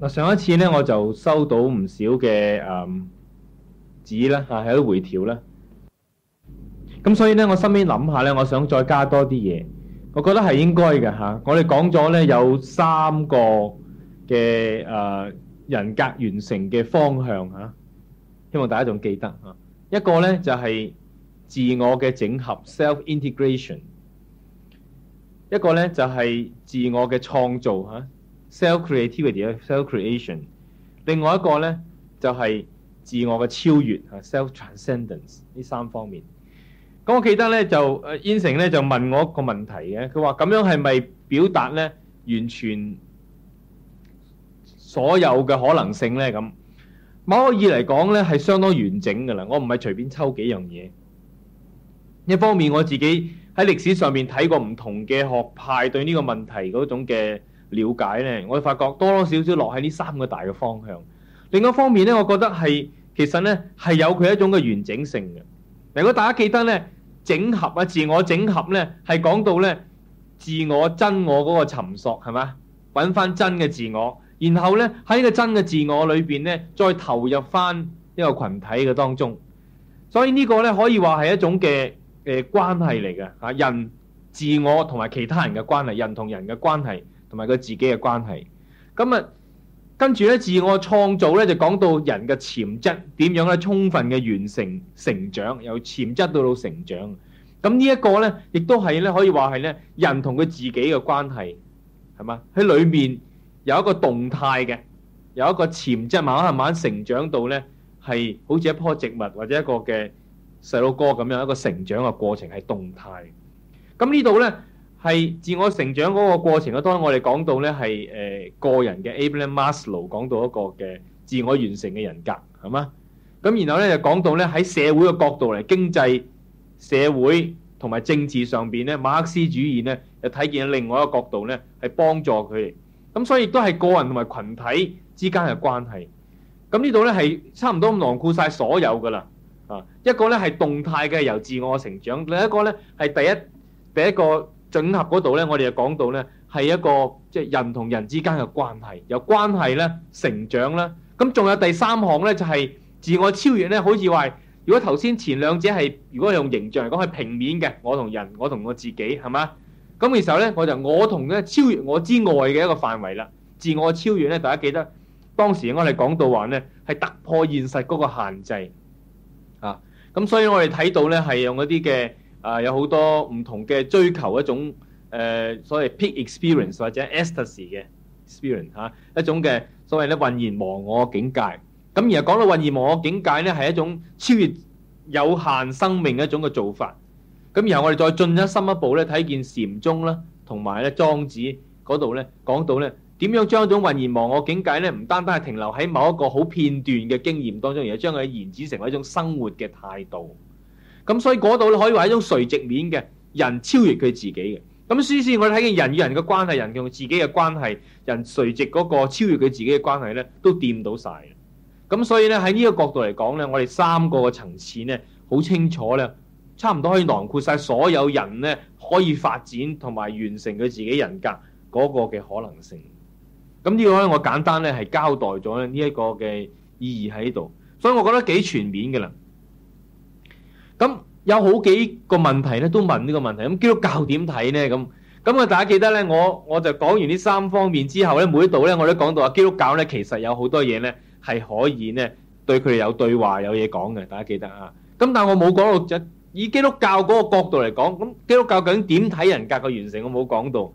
嗱，上一次咧我就收到唔少嘅誒、嗯、指啦，嚇、啊、喺度回調啦。咁所以咧，我身邊諗下咧，我想再加多啲嘢，我覺得係應該嘅、啊、我哋講咗咧有三個嘅、啊、人格完成嘅方向、啊、希望大家仲記得、啊、一個咧就係、是、自我嘅整合 （self integration），一個咧就係、是、自我嘅創造、啊 self creativity self creation，另外一個呢，就係自我嘅超越啊，self transcendence 呢三方面。咁我記得呢，就 En n 咧就問我一個問題嘅，佢話咁樣係咪表達呢？完全所有嘅可能性呢？」咁，某個意義嚟講呢，係相當完整㗎啦，我唔係隨便抽幾樣嘢。一方面我自己喺歷史上面睇過唔同嘅學派對呢個問題嗰種嘅。了解呢，我哋發覺多多少少落喺呢三個大嘅方向。另一方面呢，我覺得係其實呢係有佢一種嘅完整性嘅。如果大家記得呢，整合啊，自我整合呢係講到呢，自我真我嗰個尋索係嘛，揾翻真嘅自我，然後呢喺個真嘅自我裏邊呢，再投入翻一個群體嘅當中。所以呢個呢可以話係一種嘅誒、呃、關係嚟嘅嚇，人自我同埋其他人嘅關係，人同人嘅關係。同埋佢自己嘅關係，咁啊，跟住咧自我創造咧就講到人嘅潛質點樣咧充分嘅完成成長，由潛質到到成長，咁呢一個咧亦都係咧可以話係咧人同佢自己嘅關係係嘛？喺裏面有一個動態嘅，有一個潛質慢慢慢慢成長到咧係好似一棵植物或者一個嘅細路哥咁樣一個成長嘅過程係動態。咁呢度咧。係自我成長嗰個過程咯，當然我哋講到咧係誒個人嘅 Abraham Maslow 講到一個嘅自我完成嘅人格，係嘛？咁然後咧就講到咧喺社會嘅角度嚟，經濟、社會同埋政治上邊咧，馬克思主義咧又睇見另外一個角度咧係幫助佢哋。咁所以都係個人同埋群體之間嘅關係。咁呢度咧係差唔多咁囊括晒所有㗎啦。啊，一個咧係動態嘅由自我成長，另一個咧係第一第一個。整合嗰度咧，我哋又講到咧，係一個即係人同人之間嘅關係，有關係咧成長咧，咁仲有第三項咧就係自我超越咧。好似話，如果頭先前兩者係如果用形象嚟講係平面嘅，我同人，我同我自己係嘛？咁嘅時候咧，我就我同咧超越我之外嘅一個範圍啦。自我超越咧，大家記得當時我哋講到話咧，係突破現實嗰個限制啊。咁所以我哋睇到咧係用一啲嘅。啊，有好多唔同嘅追求一種誒、呃，所謂 peak experience 或者 ecstasy 嘅 experience 嚇、啊，一種嘅所謂咧混然忘我境界。咁然後講到混然忘我境界咧，係一種超越有限生命嘅一種嘅做法。咁然後我哋再進一深一步咧，睇見禪宗啦，同埋咧莊子嗰度咧講到咧點樣將一種混然忘我境界咧，唔單單係停留喺某一個好片段嘅經驗當中，而係將佢延展成為一種生活嘅態度。咁所以嗰度咧可以話係一種垂直面嘅人超越佢自己嘅。咁於是，我哋睇見人與人嘅關係、人同自己嘅關係、人垂直嗰個超越佢自己嘅關係咧，都掂到晒嘅。咁所以咧喺呢個角度嚟講咧，我哋三個嘅層次咧，好清楚咧，差唔多可以囊括晒所有人咧可以發展同埋完成佢自己人格嗰個嘅可能性。咁呢個咧我簡單咧係交代咗呢一個嘅意義喺度，所以我覺得幾全面嘅啦。咁有好幾個問題咧，都問呢個問題。咁基督教點睇咧？咁咁啊，大家記得咧，我我就講完呢三方面之後咧，每一度咧我都講到啊。基督教咧其實有好多嘢咧係可以咧對佢哋有對話有嘢講嘅。大家記得啊。咁但係我冇講到啫。以基督教嗰個角度嚟講，咁基督教究竟點睇人格嘅完成？我冇講到。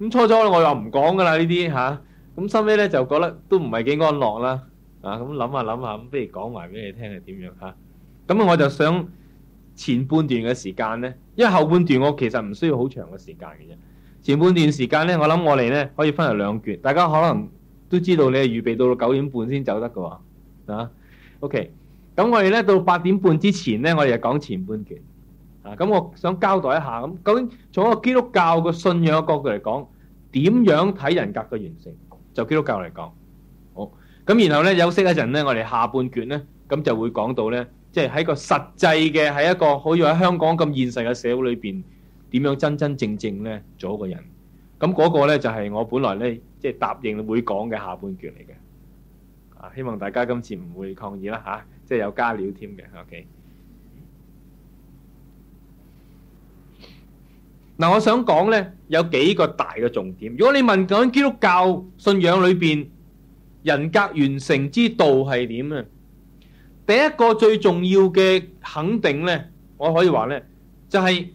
咁初初我又唔講㗎啦呢啲吓。咁收尾咧就覺得都唔係幾安樂啦。啊咁諗下諗下咁，不如講埋俾你聽係點樣吓。咁啊我就想。前半段嘅時間呢，因為後半段我其實唔需要好長嘅時間嘅啫。前半段時間呢，我諗我哋呢可以分為兩段，大家可能都知道你係預備到九點半先走得嘅喎，啊，OK。咁我哋呢到八點半之前呢，我哋就講前半段。啊，咁我想交代一下咁，究竟從一個基督教嘅信仰嘅角度嚟講，點樣睇人格嘅完成？就基督教嚟講，好。咁然後呢，休息一陣呢，我哋下半段呢咁就會講到呢。即係喺個實際嘅，喺一個好似喺香港咁現實嘅社會裏邊，點樣真真正正呢做一個人？咁、那、嗰個呢就係我本來呢，即係答應會講嘅下半段嚟嘅。希望大家今次唔會抗議啦吓、啊，即係有加料添嘅。OK。嗱，我想講呢，有幾個大嘅重點。如果你問緊基督教信仰裏邊人格完成之道係點啊？第一個最重要嘅肯定呢，我可以話呢，就係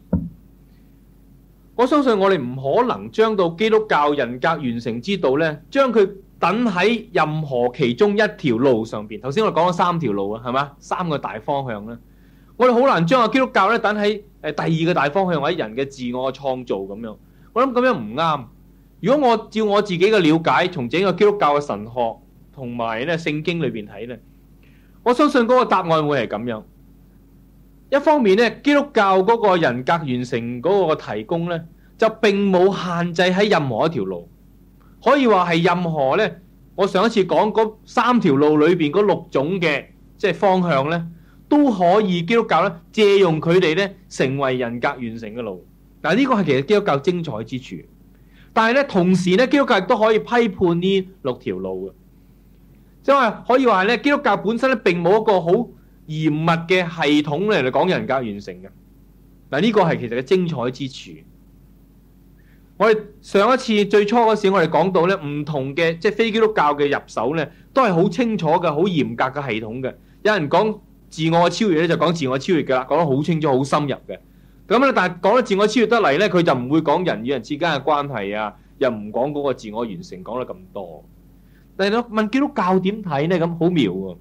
我相信我哋唔可能將到基督教人格完成之道呢，將佢等喺任何其中一條路上邊。頭先我哋講咗三條路啊，係嘛，三個大方向咧，我哋好難將個基督教呢，等喺誒第二個大方向，或者人嘅自我嘅創造咁樣。我諗咁樣唔啱。如果我照我自己嘅了解，從整個基督教嘅神學同埋咧聖經裏邊睇呢。我相信嗰個答案會係咁樣。一方面呢，基督教嗰個人格完成嗰個提供呢，就並冇限制喺任何一條路，可以話係任何呢，我上一次講嗰三條路裏邊嗰六種嘅即係方向呢，都可以基督教借用佢哋呢，成為人格完成嘅路。嗱，呢個係其實基督教精彩之處。但係呢，同時呢，基督教亦都可以批判呢六條路嘅。因為可以話咧，基督教本身咧，並冇一個好嚴密嘅系統嚟講人格完成嘅。嗱，呢個係其實嘅精彩之處。我哋上一次最初嗰時，我哋講到咧，唔同嘅即係非基督教嘅入手咧，都係好清楚嘅、好嚴格嘅系統嘅。有人講自我超越咧，就講自我超越嘅啦，講得好清楚、好深入嘅。咁咧，但係講得自我超越得嚟咧，佢就唔會講人與人之間嘅關係啊，又唔講嗰個自我完成，講得咁多。但係我問基督教點睇呢？咁好妙喎，哦！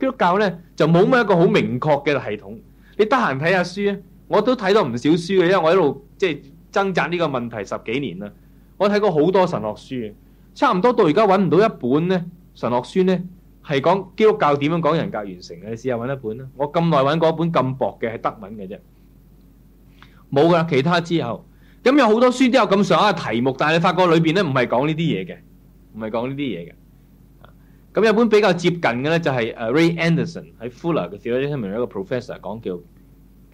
基督教呢，就冇乜一個好明確嘅系統。你得閒睇下書啊，我都睇到唔少書嘅，因為我一路即係掙扎呢個問題十幾年啦。我睇過好多神學書，差唔多到而家揾唔到一本呢。神學書呢，係講基督教點樣講人格完成嘅。你試下揾一本啦，我咁耐揾嗰本咁薄嘅係德文嘅啫，冇噶。其他之後咁有好多書都有咁上下題目，但係你發覺裏邊呢，唔係講呢啲嘢嘅，唔係講呢啲嘢嘅。咁有本比較接近嘅咧就係誒 Ray Anderson 喺 Fuller 嘅聖經學院有一個 professor 講叫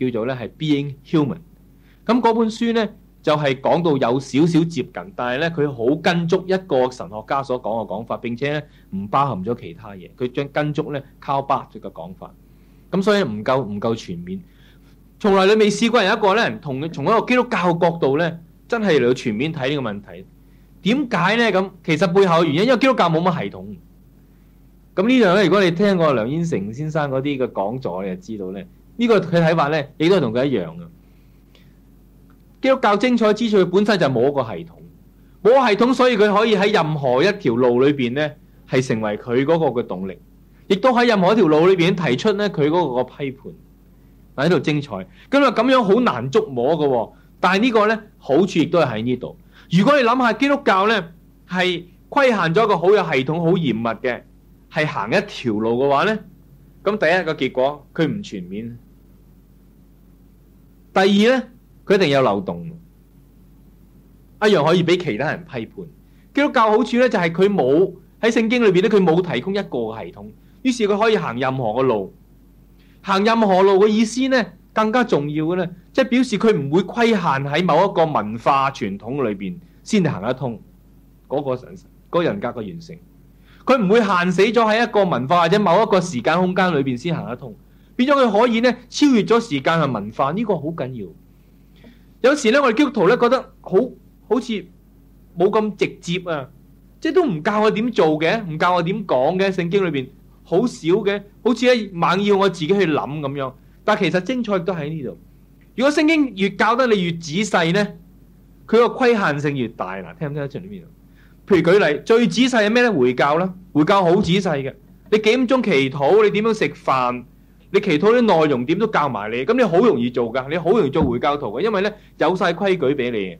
叫做咧係 Being Human。咁嗰本書咧就係講到有少少接近，但係咧佢好跟足一個神學家所講嘅講法，並且咧唔包含咗其他嘢。佢將跟足咧 Karl Barth 嘅講法，咁所以唔夠唔夠全面。從來你未試過有一個咧同從一個基督教角度咧真係嚟到全面睇呢個問題。點解咧咁？其實背後嘅原因，因為基督教冇乜系統。咁呢樣咧，如果你聽過梁燕成先生嗰啲嘅講座，你就知道咧呢個佢睇法咧，你都係同佢一樣嘅。基督教精彩之處，佢本身就冇一個系統，冇系統，所以佢可以喺任何一條路裏邊咧，係成為佢嗰個嘅動力，亦都喺任何一條路裏邊提出咧佢嗰個批判，喺度精彩咁啊！咁樣好難捉摸嘅、哦，但係呢個咧好處亦都係喺呢度。如果你諗下基督教咧係規限咗一個好有系統、好嚴密嘅，係行一條路嘅話呢，咁第一個結果佢唔全面。第二呢，佢一定有漏洞，一樣可以俾其他人批判。基督教好處呢，就係佢冇喺聖經裏邊咧，佢冇提供一個系統，於是佢可以行任何嘅路。行任何路嘅意思呢，更加重要嘅呢，即係表示佢唔會規限喺某一個文化傳統裏邊先行得通嗰個嗰個人格嘅完成。佢唔會限死咗喺一個文化或者某一個時間空間裏邊先行得通，變咗佢可以咧超越咗時間嘅文化，呢個好緊要。有時咧，我哋基督徒咧覺得好好似冇咁直接啊，即係都唔教我點做嘅，唔教我點講嘅，聖經裏邊好少嘅，好似咧猛要我自己去諗咁樣。但係其實精彩都喺呢度。如果聖經越教得你越仔細咧，佢個規限性越大嗱。聽唔聽得出啲嘢？譬如舉例，最仔細係咩咧？回教啦，回教好仔細嘅。你幾點鐘祈禱？你點樣食飯？你祈禱啲內容點都教埋你。咁你好容易做噶，你好容易做回教徒嘅，因為咧有晒規矩俾你，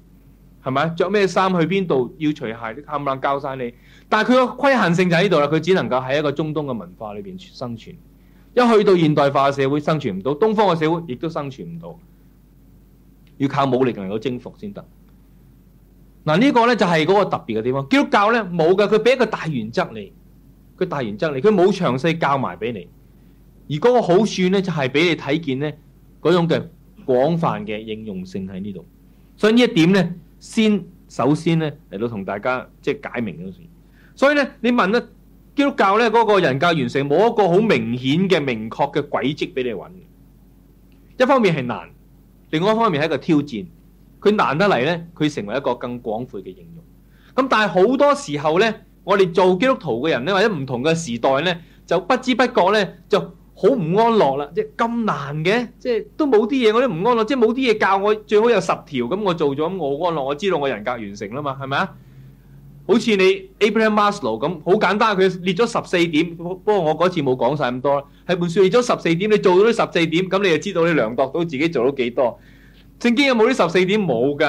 係咪？着咩衫去邊度？要除鞋，啲冚唪唥教晒你。但係佢個規限性就喺呢度啦，佢只能夠喺一個中東嘅文化裏邊生存。一去到現代化嘅社會生存唔到，東方嘅社會亦都生存唔到，要靠武力能夠征服先得。嗱，呢個咧就係嗰個特別嘅地方，基督教咧冇嘅，佢俾一個大原則你，佢大原則你，佢冇詳細教埋俾你。而嗰個好處咧就係、是、俾你睇見咧嗰種嘅廣泛嘅應用性喺呢度。所以呢一點咧，先首先咧嚟到同大家即係解明嗰陣時。所以咧，你問咧基督教咧嗰、那個人教完成冇一個好明顯嘅明確嘅軌跡俾你揾嘅。一方面係難，另外一方面係一個挑戰。佢難得嚟呢，佢成為一個更廣闊嘅應用。咁但係好多時候呢，我哋做基督徒嘅人呢，或者唔同嘅時代呢，就不知不覺呢就好唔安樂啦。即係咁難嘅，即係都冇啲嘢我都唔安樂，即係冇啲嘢教我最好有十條咁，我做咗我安樂，我知道我人格完成啦嘛，係咪啊？好似你 Abraham Maslow 咁，好簡單，佢列咗十四點，不過我嗰次冇講晒咁多。係本書列咗十四點，你做到啲十四點，咁你就知道你量度到自己做到幾多。聖經有冇呢十四點？冇噶，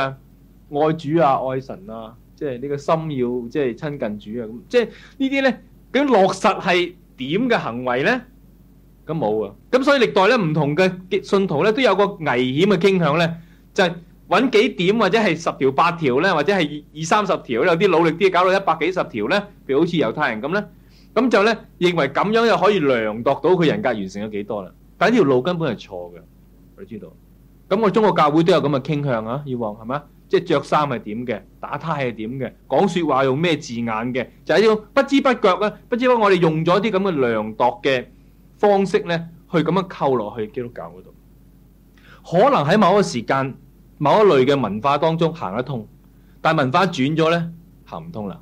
愛主啊，愛神啊，即係呢個心要即係親近主啊，咁即係呢啲咧，究竟落實係點嘅行為咧？咁冇啊！咁所以歷代咧唔同嘅信徒咧都有個危險嘅傾向咧，就係揾幾點或者係十條八條咧，或者係二三十條，有啲努力啲搞到一百幾十條咧，譬如好似猶太人咁咧，咁就咧認為咁樣就可以量度到佢人格完成咗幾多啦？但係呢條路根本係錯嘅，你知道。咁我中國教會都有咁嘅傾向啊，以往係咪？即係著衫係點嘅，打呔係點嘅，講說話用咩字眼嘅，就係、是、要不知不覺咧、啊，不知不覺我哋用咗啲咁嘅量度嘅方式咧，去咁樣扣落去基督教嗰度，可能喺某一個時間、某一類嘅文化當中行得通，但文化轉咗咧行唔通啦，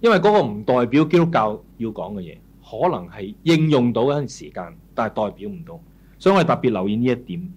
因為嗰個唔代表基督教要講嘅嘢，可能係應用到一陣時間，但係代表唔到。所以我係特別留意呢一點，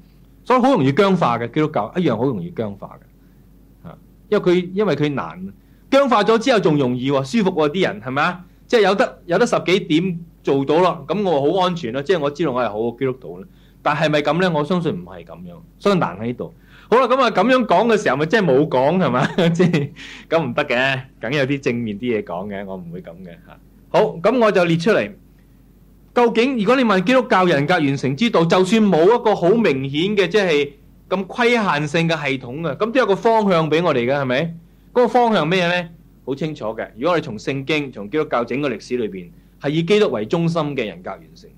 所以好容易僵化嘅基督教，一樣好容易僵化嘅嚇，因為佢因為佢難，僵化咗之後仲容易喎，舒服啲人係咪啊？即係有得有得十幾點做到啦，咁我好安全啦，即係我知道我係好基督徒啦。但係咪咁咧？我相信唔係咁樣，所以難喺呢度。好啦，咁啊咁樣講嘅時候，咪即係冇講係嘛？即係咁唔得嘅，梗 有啲正面啲嘢講嘅，我唔會咁嘅嚇。好，咁我就列出嚟。究竟如果你問基督教人格完成之道，就算冇一個好明顯嘅，即係咁規限性嘅系統啊，咁都有個方向俾我哋嘅，係咪？嗰個方向咩呢？好清楚嘅。如果我哋從聖經、從基督教整個歷史裏邊，係以基督為中心嘅人格完成。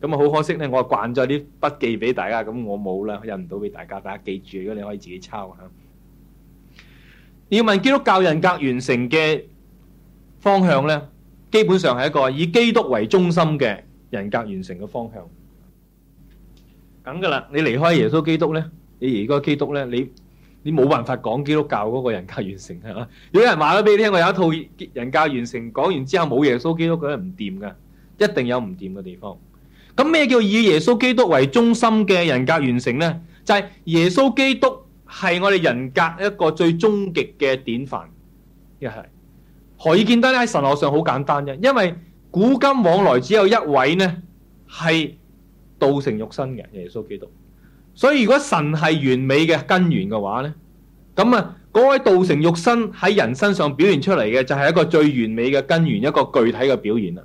咁啊，好可惜呢，我係慣咗啲筆記俾大家，咁我冇啦，印唔到俾大家，大家記住，如果你可以自己抄吓。你要問基督教人格完成嘅方向呢，基本上係一個以基督為中心嘅。人格完成嘅方向，咁噶啦！你離開耶穌基督咧，你而家基督咧，你你冇辦法講基督教嗰個人格完成係嘛？有人話咗俾你聽，我有一套人格完成，講完之後冇耶穌基督佢係唔掂噶，一定有唔掂嘅地方。咁咩叫以耶穌基督為中心嘅人格完成咧？就係耶穌基督係我哋人格一個最終極嘅典範，亦係何以見得咧？喺神學上好簡單啫，因為古今往來只有一位呢，係道成肉身嘅耶穌基督。所以如果神係完美嘅根源嘅話呢，咁啊嗰位道成肉身喺人身上表現出嚟嘅就係一個最完美嘅根源，一個具體嘅表現啦。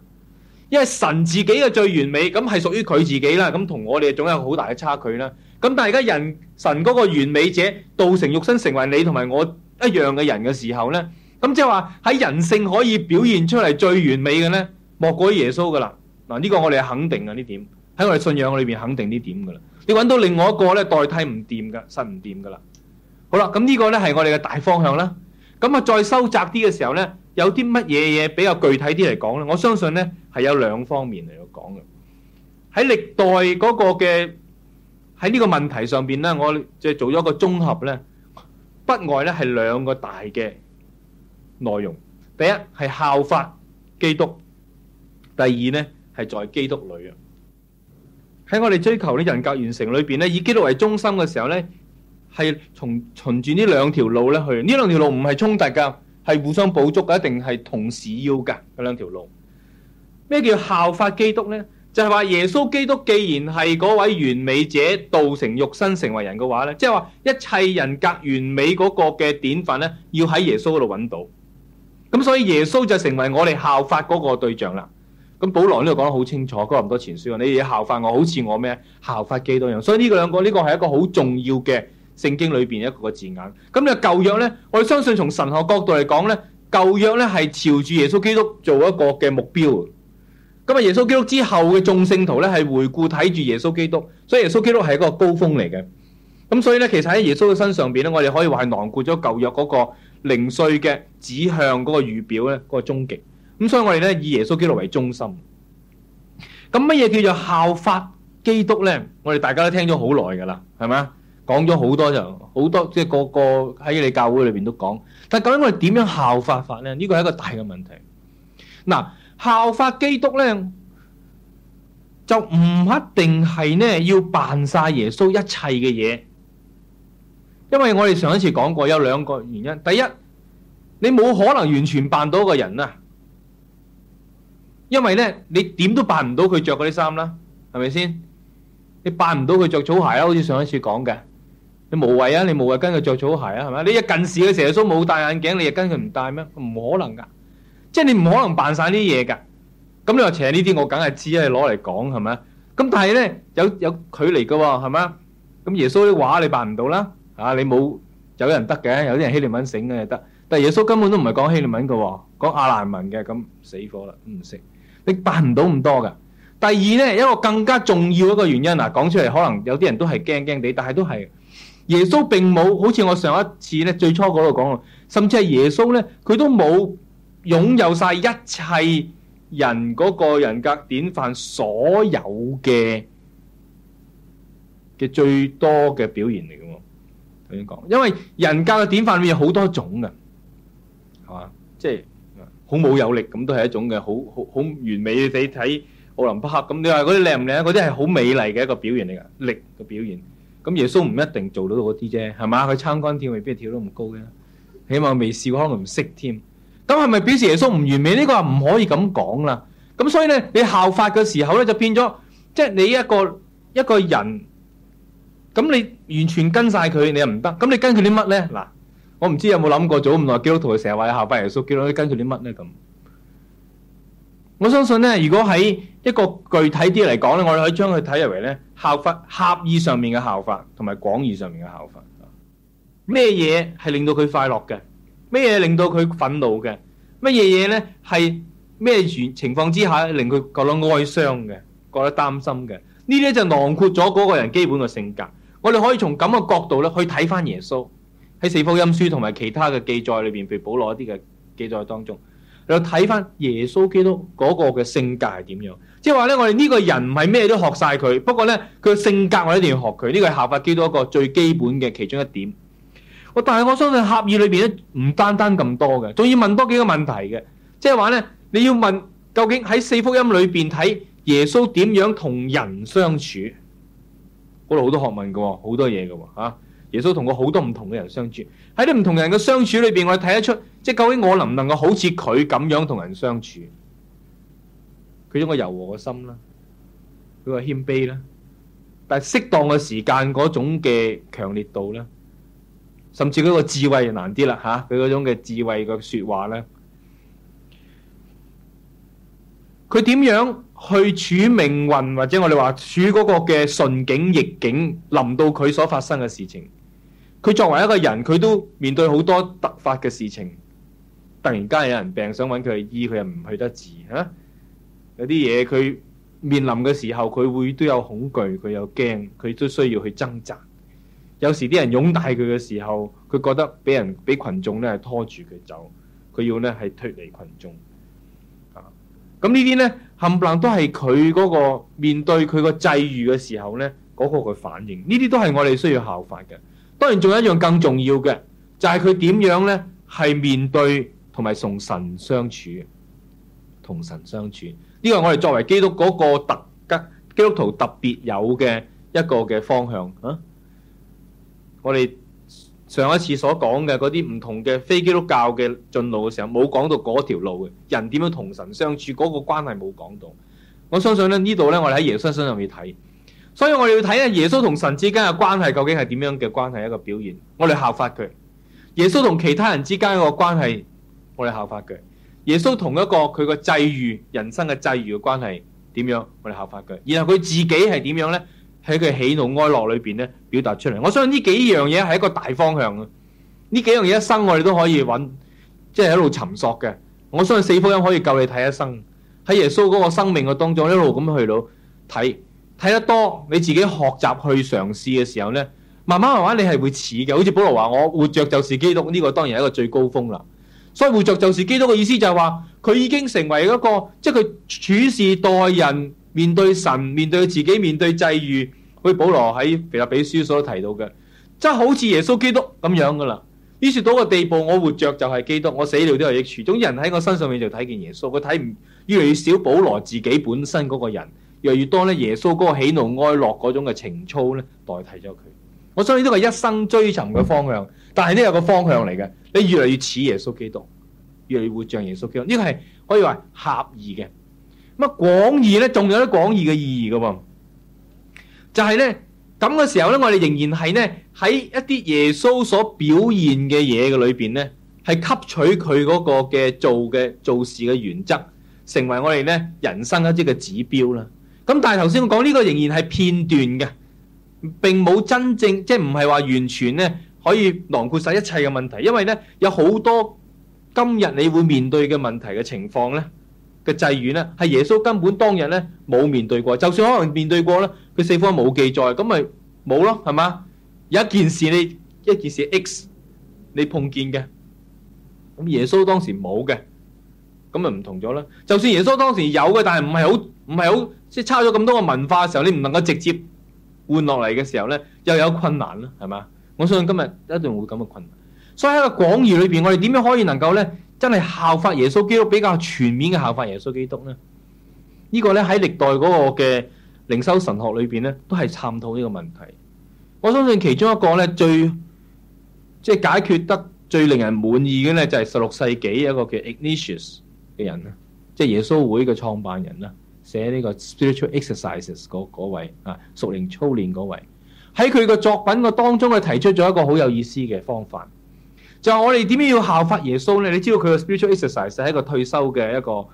因為神自己嘅最完美咁係屬於佢自己啦，咁同我哋總有好大嘅差距啦。咁但係而家人神嗰個完美者道成肉身成為你同埋我一樣嘅人嘅時候呢，咁即係話喺人性可以表現出嚟最完美嘅呢？莫過於耶穌噶啦，嗱，呢個我哋係肯定嘅呢點，喺我哋信仰裏邊肯定呢點噶啦。你揾到另外一個咧，代替唔掂噶，實唔掂噶啦。好啦，咁呢個咧係我哋嘅大方向啦。咁啊，再收窄啲嘅時候咧，有啲乜嘢嘢比較具體啲嚟講咧？我相信咧係有兩方面嚟講嘅。喺歷代嗰個嘅喺呢個問題上邊咧，我即係做咗個綜合咧，不外咧係兩個大嘅內容。第一係效法基督。第二呢，係在基督裏啊！喺我哋追求呢人格完成裏邊咧，以基督為中心嘅時候呢係從循住呢兩條路咧去。呢兩條路唔係衝突噶，係互相補足嘅，一定係同時要噶嗰兩條路。咩叫效法基督呢？就係話耶穌基督既然係嗰位完美者，道成肉身成為人嘅話呢即係話一切人格完美嗰個嘅典範呢要喺耶穌嗰度揾到。咁所以耶穌就成為我哋效法嗰個對象啦。咁保羅呢度講得好清楚，哥林多前書，你哋效法我，好似我咩？效法基督一樣。所以呢個兩個呢個係一個好重要嘅聖經裏邊一個字眼。咁嘅舊約呢，我哋相信從神學角度嚟講呢舊約呢係朝住耶穌基督做一個嘅目標。咁啊，耶穌基督之後嘅眾聖徒呢，係回顧睇住耶穌基督，所以耶穌基督係一個高峰嚟嘅。咁所以呢，其實喺耶穌嘅身上邊呢，我哋可以話係囊括咗舊約嗰個零碎嘅指向嗰個預表呢，嗰個終極。咁所以我哋咧，以耶穌基督為中心。咁乜嘢叫做效法基督咧？我哋大家都聽咗好耐噶啦，係咪啊？講咗好多，就好多即係個個喺你教會裏邊都講。但究竟我哋點樣效法法咧？呢個係一個大嘅問題。嗱，效法基督咧，就唔一定係咧要扮晒耶穌一切嘅嘢，因為我哋上一次講過有兩個原因。第一，你冇可能完全扮到一個人啊。因為咧，你點都扮唔到佢着嗰啲衫啦，係咪先？你扮唔到佢着草鞋啊好似上一次講嘅，你無謂啊，你無謂跟佢着草鞋啊，係咪？你一近視嘅，耶穌冇戴眼鏡，你又跟佢唔戴咩？唔可能噶，即係你唔可能扮晒呢啲嘢噶。咁你話扯呢啲，我梗係知啊，攞嚟講，係咪？咁但係咧，有有距離噶，係咪？咁耶穌啲話你扮唔到啦，啊，你冇有人得嘅，有啲人希臘文醒嘅又得，但係耶穌根本都唔係講希臘文嘅，講亞蘭文嘅，咁死火啦，唔識。你辦唔到咁多噶。第二咧，一個更加重要一個原因啊，講出嚟，可能有啲人都係驚驚地，但係都係耶穌並冇，好似我上一次咧最初嗰度講啊，甚至係耶穌咧佢都冇擁有晒一切人嗰個人格典範所有嘅嘅最多嘅表現嚟嘅。頭先講，因為人格嘅典範裏面有好多種噶，係嘛？即係。好冇有力咁，都係一種嘅好好好完美。你睇奧林匹克咁，你話嗰啲靚唔靚？嗰啲係好美麗嘅一個表現嚟㗎，力嘅表現。咁耶穌唔一定做到嗰啲啫，係嘛？佢撐杆跳未必跳得咁高嘅，起碼未試過可能唔識添。咁係咪表示耶穌唔完美？呢個唔可以咁講啦。咁所以咧，你效法嘅時候咧，就變咗即係你一個一個人，咁你完全跟晒佢，你又唔得。咁你跟佢啲乜咧？嗱。我唔知有冇諗過，做咁耐基督徒，成日話效法耶穌，基督徒跟隨啲乜咧？咁我相信咧，如果喺一個具體啲嚟講咧，我哋可以將佢睇入為咧，效法狹義上面嘅效法，同埋廣義上面嘅效法。咩嘢係令到佢快樂嘅？咩嘢令到佢憤怒嘅？乜嘢嘢咧？係咩情況之下令佢覺得哀傷嘅？覺得擔心嘅？呢啲就囊括咗嗰個人基本嘅性格。我哋可以從咁嘅角度咧去睇翻耶穌。喺四福音書同埋其他嘅記載裏邊，譬如保羅一啲嘅記載當中，你又睇翻耶穌基督嗰個嘅性格係點樣？即係話咧，我哋呢個人唔係咩都學晒佢，不過咧佢性格我一定要學佢。呢個係效法基督一個最基本嘅其中一點。我但係我相信含義裏邊咧唔單單咁多嘅，仲要問多幾個問題嘅。即係話咧，你要問究竟喺四福音裏邊睇耶穌點樣同人相處？嗰度好多學問嘅，好多嘢嘅吓。耶穌同過好多唔同嘅人相處，喺啲唔同人嘅相處裏邊，我哋睇得出，即係究竟我能唔能夠好似佢咁樣同人相處？佢用個柔和嘅心啦，佢個謙卑啦，但係適當嘅時間嗰種嘅強烈度啦，甚至嗰個智慧就難啲啦，吓佢嗰種嘅智慧嘅說話咧，佢點樣去處命運或者我哋話處嗰個嘅順境逆境臨到佢所發生嘅事情？佢作為一個人，佢都面對好多突發嘅事情，突然間有人病想揾佢去醫，佢又唔去得治嚇、啊。有啲嘢佢面臨嘅時候，佢會都有恐懼，佢又驚，佢都需要去掙扎。有時啲人擁戴佢嘅時候，佢覺得俾人俾群眾咧係拖住佢走，佢要咧係脫離群眾。啊，咁呢啲呢，冚唪唥都係佢嗰個面對佢個際遇嘅時候呢嗰、嗰個嘅反應。呢啲都係我哋需要效法嘅。當然仲有一樣更重要嘅，就係佢點樣呢？係面對同埋同神相處，同神相處呢個係我哋作為基督嗰個特吉基督徒特別有嘅一個嘅方向啊！我哋上一次所講嘅嗰啲唔同嘅非基督教嘅進路嘅時候，冇講到嗰條路嘅人點樣同神相處嗰個關係冇講到。我相信呢度呢，我哋喺耶穌身上面睇。所以我哋要睇下耶穌同神之間嘅關係究竟係點樣嘅關係，一個表現，我哋效法佢。耶穌同其他人之間個關係，我哋效法佢。耶穌同一個佢個際遇、人生嘅際遇嘅關係點樣，我哋效法佢。然後佢自己係點樣呢？喺佢喜怒哀樂裏邊呢，表達出嚟。我相信呢幾樣嘢係一個大方向。呢幾樣嘢一生我哋都可以揾，即係一路尋索嘅。我相信四福音可以教你睇一生喺耶穌嗰個生命嘅當中一路咁去到睇。睇得多，你自己學習去嘗試嘅時候呢，慢慢慢慢你係會似嘅。好似保羅話，我活着就是基督，呢個當然係一個最高峰啦。所以活着就是基督嘅意思就係話佢已經成為一個，即係佢處事待人、面對神、面對自己、面對際遇，好似保羅喺腓立比書所提到嘅，即係好似耶穌基督咁樣噶啦。於是到個地步，我活着就係基督，我死了都有益處。總之人喺我身上面就睇見耶穌，佢睇唔越嚟越少保羅自己本身嗰個人。越來越多咧，耶穌嗰個喜怒哀樂嗰種嘅情操咧，代替咗佢。我相信呢都係一生追尋嘅方向，但係呢，有個方向嚟嘅。你越嚟越似耶穌基督，越嚟越活像耶穌基督，呢個係可以話狹義嘅。咁啊，廣義咧，仲有啲廣義嘅意義噶噃，就係咧咁嘅時候咧，我哋仍然係咧喺一啲耶穌所表現嘅嘢嘅裏邊咧，係吸取佢嗰個嘅做嘅做事嘅原則，成為我哋咧人生一啲嘅指標啦。咁但係頭先我講呢個仍然係片段嘅，並冇真正即係唔係話完全咧可以囊括曬一切嘅問題，因為咧有好多今日你會面對嘅問題嘅情況咧嘅際遇咧，係耶穌根本當日咧冇面對過。就算可能面對過咧，佢四方冇記載，咁咪冇咯，係嘛？有一件事你一件事 X 你碰見嘅，咁耶穌當時冇嘅，咁咪唔同咗啦。就算耶穌當時有嘅，但係唔係好唔係好。即係差咗咁多嘅文化嘅時候，你唔能夠直接換落嚟嘅時候咧，又有困難啦，係嘛？我相信今日一定會咁嘅困難。所以喺個廣義裏邊，我哋點樣可以能夠咧，真係效法耶穌基督比較全面嘅效法耶穌基督咧？呢個咧喺歷代嗰個嘅靈修神學裏邊咧，都係探討呢個問題。我相信其中一個咧最即係解決得最令人滿意嘅咧，就係十六世紀一個叫 Ignatius 嘅人啦，即係耶穌會嘅創辦人啦。寫呢個 spiritual exercises 嗰位啊，屬靈操練嗰位，喺佢個作品個當中，佢提出咗一個好有意思嘅方法，就係、是、我哋點樣要效法耶穌咧？你知道佢嘅 spiritual exercises 係一個退休嘅一個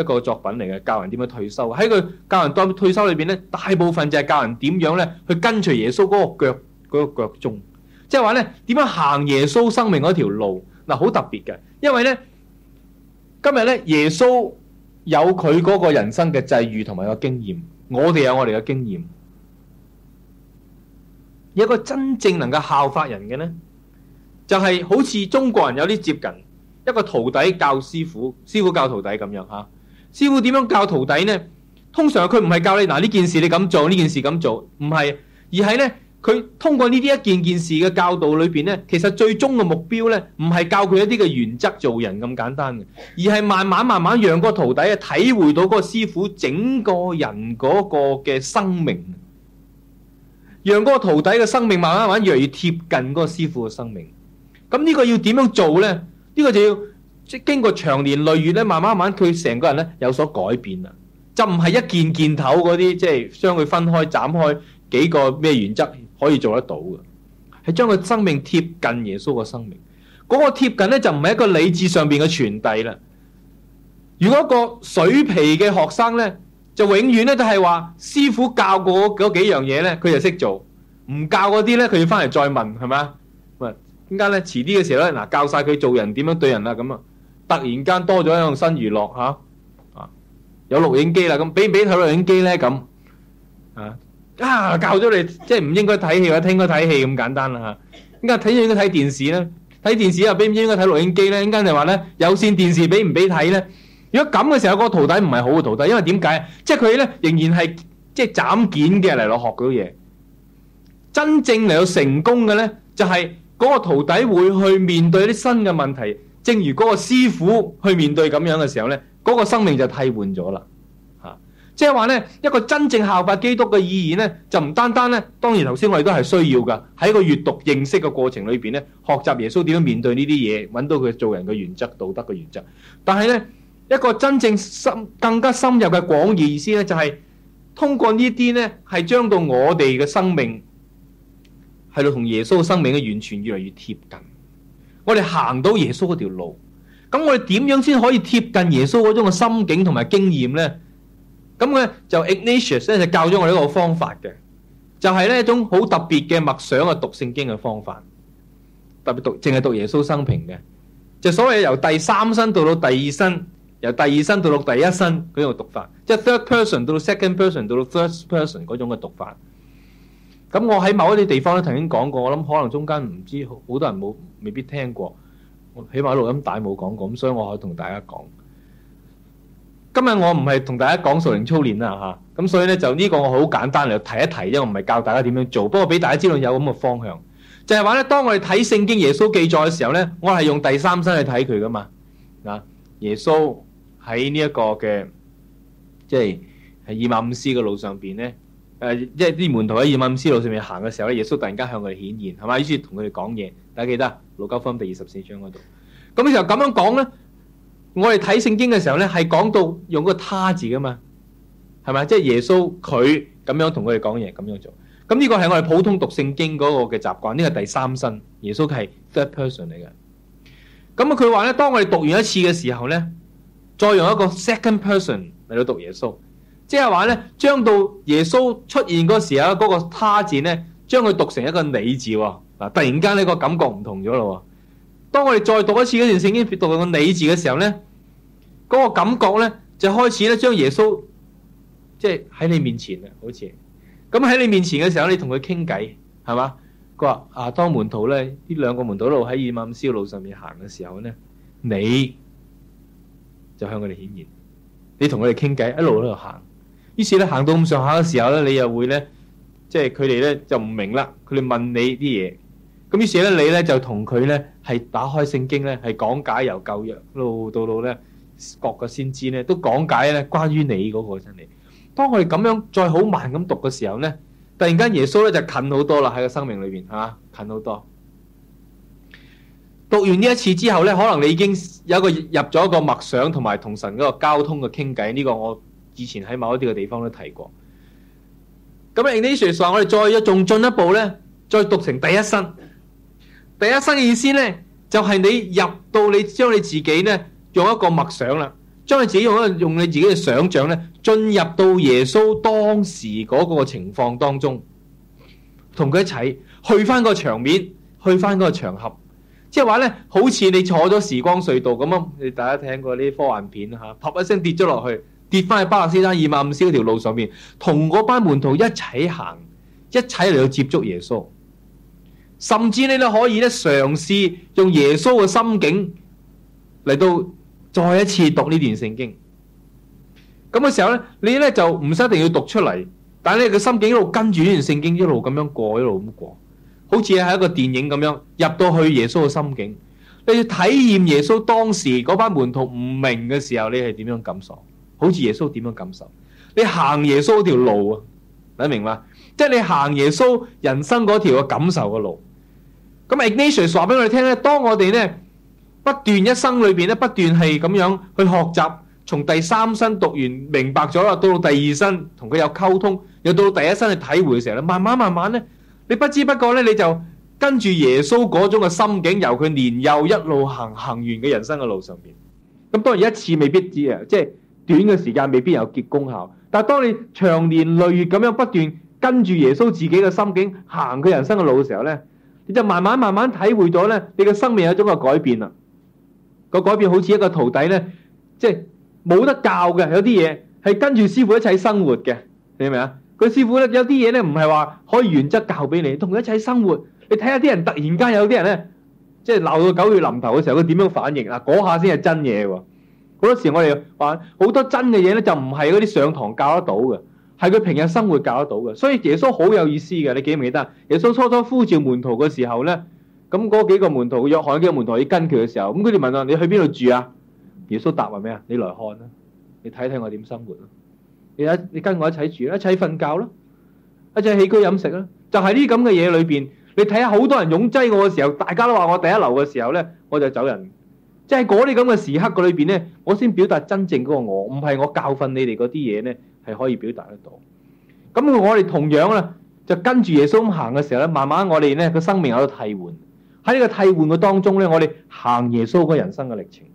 一個作品嚟嘅，教人點樣退休，喺佢教人當退休裏邊咧，大部分就係教人點樣咧去跟隨耶穌嗰個腳嗰、那個腳蹤，即係話咧點樣行耶穌生命嗰條路嗱，好特別嘅，因為咧今日咧耶穌。有佢嗰個人生嘅際遇同埋個經驗，我哋有我哋嘅經驗。有一個真正能夠效法人嘅呢，就係、係、好似中國人有啲接近一個徒弟教師傅，師傅教徒弟咁樣嚇。師傅點樣教徒弟呢？通常佢唔係教你嗱呢、啊、件事你咁做，呢件事咁做，唔係，而係呢。佢通過呢啲一件件事嘅教導裏邊呢，其實最終嘅目標呢，唔係教佢一啲嘅原則做人咁簡單嘅，而係慢慢慢慢讓個徒弟啊體會到嗰個師傅整個人嗰個嘅生命，讓嗰個徒弟嘅生命慢慢慢越嚟越貼近嗰個師傅嘅生命。咁呢個要點樣做呢？呢個就要即係經過長年累月咧，慢慢慢佢成個人咧有所改變啦，就唔係一件件頭嗰啲即係將佢分開斬開幾個咩原則。可以做得到嘅，係將佢生命貼近耶穌嘅生命。嗰個貼近咧就唔係一個理智上邊嘅傳遞啦。如果一個水皮嘅學生咧，就永遠咧都係話師傅教過嗰幾樣嘢咧，佢就識做。唔教嗰啲咧，佢要翻嚟再問係咪啊？咁啊，點解咧？遲啲嘅時候咧，嗱教晒佢做人點樣對人啦，咁啊，突然間多咗一樣新娛樂吓，啊，有錄影機啦，咁俾唔俾睇錄影機咧？咁啊？啊！教咗你即係唔應該睇戲啊，應該睇戲咁簡單啦嚇。依家睇應該睇電視啦，睇電視又邊唔應該睇錄影機咧？依家就話咧有線電視俾唔俾睇咧？如果咁嘅時候，嗰個徒弟唔係好嘅徒弟，因為點解？即係佢咧仍然係即係斬件嘅嚟落學嗰啲嘢。真正嚟到成功嘅咧，就係嗰個徒弟會去面對啲新嘅問題。正如嗰個師傅去面對咁樣嘅時候咧，嗰個生命就替換咗啦。即係話呢一個真正效法基督嘅意義呢，就唔單單呢。當然頭先我哋都係需要㗎，喺一個閱讀認識嘅過程裏邊呢，學習耶穌點樣面對呢啲嘢，揾到佢做人嘅原則、道德嘅原則。但係呢一個真正深、更加深入嘅廣義意思呢，就係通過呢啲呢，係將到我哋嘅生命係到同耶穌嘅生命嘅完全越嚟越貼近。我哋行到耶穌嗰條路，咁我哋點樣先可以貼近耶穌嗰種嘅心境同埋經驗呢？咁咧就 Ignatius 咧，就教咗我呢個方法嘅，就係呢一種好特別嘅默想嘅讀聖經嘅方法，特別讀淨係讀耶穌生平嘅，就所謂由第三身到到第二身，由第二身到到第一身嗰種讀法，即係 third person 到 second person 到到 first person 嗰種嘅讀法。咁我喺某一啲地方咧，曾經講過，我諗可能中間唔知好多人冇未必聽過，我起碼錄音帶冇講過，咁所以我可以同大家講。今日我唔係同大家講屬靈操練啦吓，咁、啊、所以咧就呢個我好簡單嚟提一提，因為我唔係教大家點樣做，不過俾大家知道有咁嘅方向，就係話咧，當我哋睇聖經耶穌記載嘅時候咧，我係用第三身去睇佢噶嘛。耶穌喺呢一個嘅即係喺以馬忤斯嘅路上邊咧，誒即係啲門徒喺以馬忤斯路上面行嘅時候咧，耶穌突然間向佢哋顯現係咪？於是同佢哋講嘢，大家記得《路加福音》第二十四章嗰度，咁其時咁樣講咧。我哋睇聖經嘅時候咧，係講到用個他字噶嘛，係咪？即係耶穌佢咁樣同佢哋講嘢，咁樣做。咁、這、呢個係我哋普通讀聖經嗰個嘅習慣。呢個第三身耶穌係 t h i r d person 嚟嘅。咁佢話咧，當我哋讀完一次嘅時候咧，再用一個 second person 嚟到讀耶穌，即係話咧，將到耶穌出現嗰時候嗰、那個他字咧，將佢讀成一個你字。嗱，突然間呢個感覺唔同咗咯。當我哋再讀一次嗰段聖經，讀到個你字嘅時候咧，嗰個感覺咧就開始咧將耶穌即係喺你面前啦，好似咁喺你面前嘅時候，你同佢傾偈，係嘛？佢話啊，當門徒咧，呢兩個門徒路喺二萬五千里路上面行嘅時候咧，你就向佢哋顯現，你同佢哋傾偈，一路喺度行，於是咧行到咁上下嘅時候咧，你又會咧，即係佢哋咧就唔明啦，佢哋問你啲嘢。咁於是咧，你咧就同佢咧係打開聖經咧，係講解由舊約一路到到咧各個先知咧，都講解咧關於你嗰個真理。當我哋咁樣再好慢咁讀嘅時候咧，突然間耶穌咧就近好多啦喺個生命裏面、啊、近好多。讀完呢一次之後咧，可能你已經有一個入咗一個默想同埋同神嗰個交通嘅傾偈。呢、這個我以前喺某一啲嘅地方都提過。咁 English 話我哋再一仲進一步咧，再讀成第一身。第一身嘅意思呢，就係、是、你入到你將你自己呢用一個默想啦，將你自己用一個用你自己嘅想象呢，進入到耶穌當時嗰個情況當中，同佢一齊去翻個場面，去翻個場合，即係話呢，好似你坐咗時光隧道咁，你大家聽過啲科幻片吓，啪一聲跌咗落去，跌翻去巴勒斯坦以馬忤斯嗰條路上面，同嗰班門徒一齊行，一齊嚟到接觸耶穌。甚至你咧可以咧嘗試用耶穌嘅心境嚟到再一次讀呢段聖經。咁嘅時候咧，你咧就唔一定要讀出嚟，但係你個心境一路跟住呢段聖經一路咁樣過，一路咁過，過，好似喺一個電影咁樣入到去耶穌嘅心境，你要體驗耶穌當時嗰班門徒唔明嘅時候，你係點樣感受？好似耶穌點樣感受？你行耶穌嗰條路啊，你明嘛？即係你行耶穌人生嗰條嘅感受嘅路。咁 Ignatius 話俾我哋聽咧，當我哋咧不斷一生裏邊咧不斷係咁樣去學習，從第三身讀完明白咗啦，到到第二身同佢有溝通，又到第一身去體會嘅時候咧，慢慢慢慢咧，你不知不覺咧，你就跟住耶穌嗰種嘅心境，由佢年幼一路行行完嘅人生嘅路上邊。咁當然一次未必知啊，即係短嘅時間未必有結功效。但係當你長年累月咁樣不斷跟住耶穌自己嘅心境行佢人生嘅路嘅時候咧。你就慢慢慢慢體會咗咧，你個生命有種嘅改變啦。個改變好似一個徒弟咧，即係冇得教嘅，有啲嘢係跟住師傅一齊生活嘅。你明唔明啊？佢師傅咧，有啲嘢咧唔係話可以原則教俾你，同佢一齊生活。你睇下啲人突然間有啲人咧，即係鬧到狗血淋頭嘅時候，佢點樣反應嗱？嗰下先係真嘢喎。好多時我哋話好多真嘅嘢咧，就唔係嗰啲上堂教得到嘅。係佢平日生活教得到嘅，所以耶穌好有意思嘅。你記唔記得？耶穌初初呼召門徒嘅時候咧，咁嗰幾個門徒，約翰幾個門徒去跟佢嘅時候，咁佢哋問啊：你去邊度住啊？耶穌答話咩啊？你來看啦，你睇睇我點生活啦，你一你跟我一齊住，一齊瞓覺咯，一齊起，起，起居飲食啦，就係呢咁嘅嘢裏邊，你睇下好多人擁擠我嘅時候，大家都話我第一流嘅時候咧，我就走人。即係嗰啲咁嘅時刻嘅裏邊咧，我先表達真正嗰個我，唔係我教訓你哋嗰啲嘢咧。係可以表達得到，咁我哋同樣咧，就跟住耶穌行嘅時候咧，慢慢我哋咧個生命喺度替換，喺呢個替換嘅當中咧，我哋行耶穌嗰人生嘅歷程。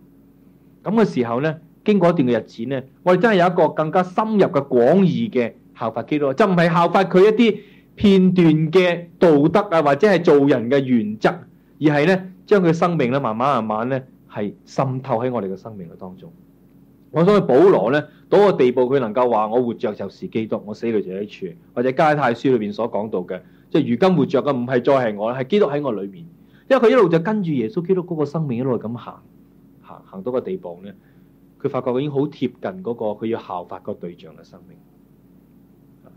咁嘅時候咧，經過一段嘅日子咧，我哋真係有一個更加深入嘅廣義嘅效法基督，就唔係效法佢一啲片段嘅道德啊，或者係做人嘅原則，而係咧將佢生命咧慢慢慢慢咧係滲透喺我哋嘅生命嘅當中。我想去保羅咧到個地步，佢能夠話我活着就是基督，我死佢就喺處，或者加拉太書裏邊所講到嘅，即係如今活着嘅唔係再係我啦，係基督喺我裏面，因為佢一路就跟住耶穌基督嗰個生命一路咁行，行行到個地步咧，佢發覺已經好貼近嗰個佢要效法個對象嘅生命。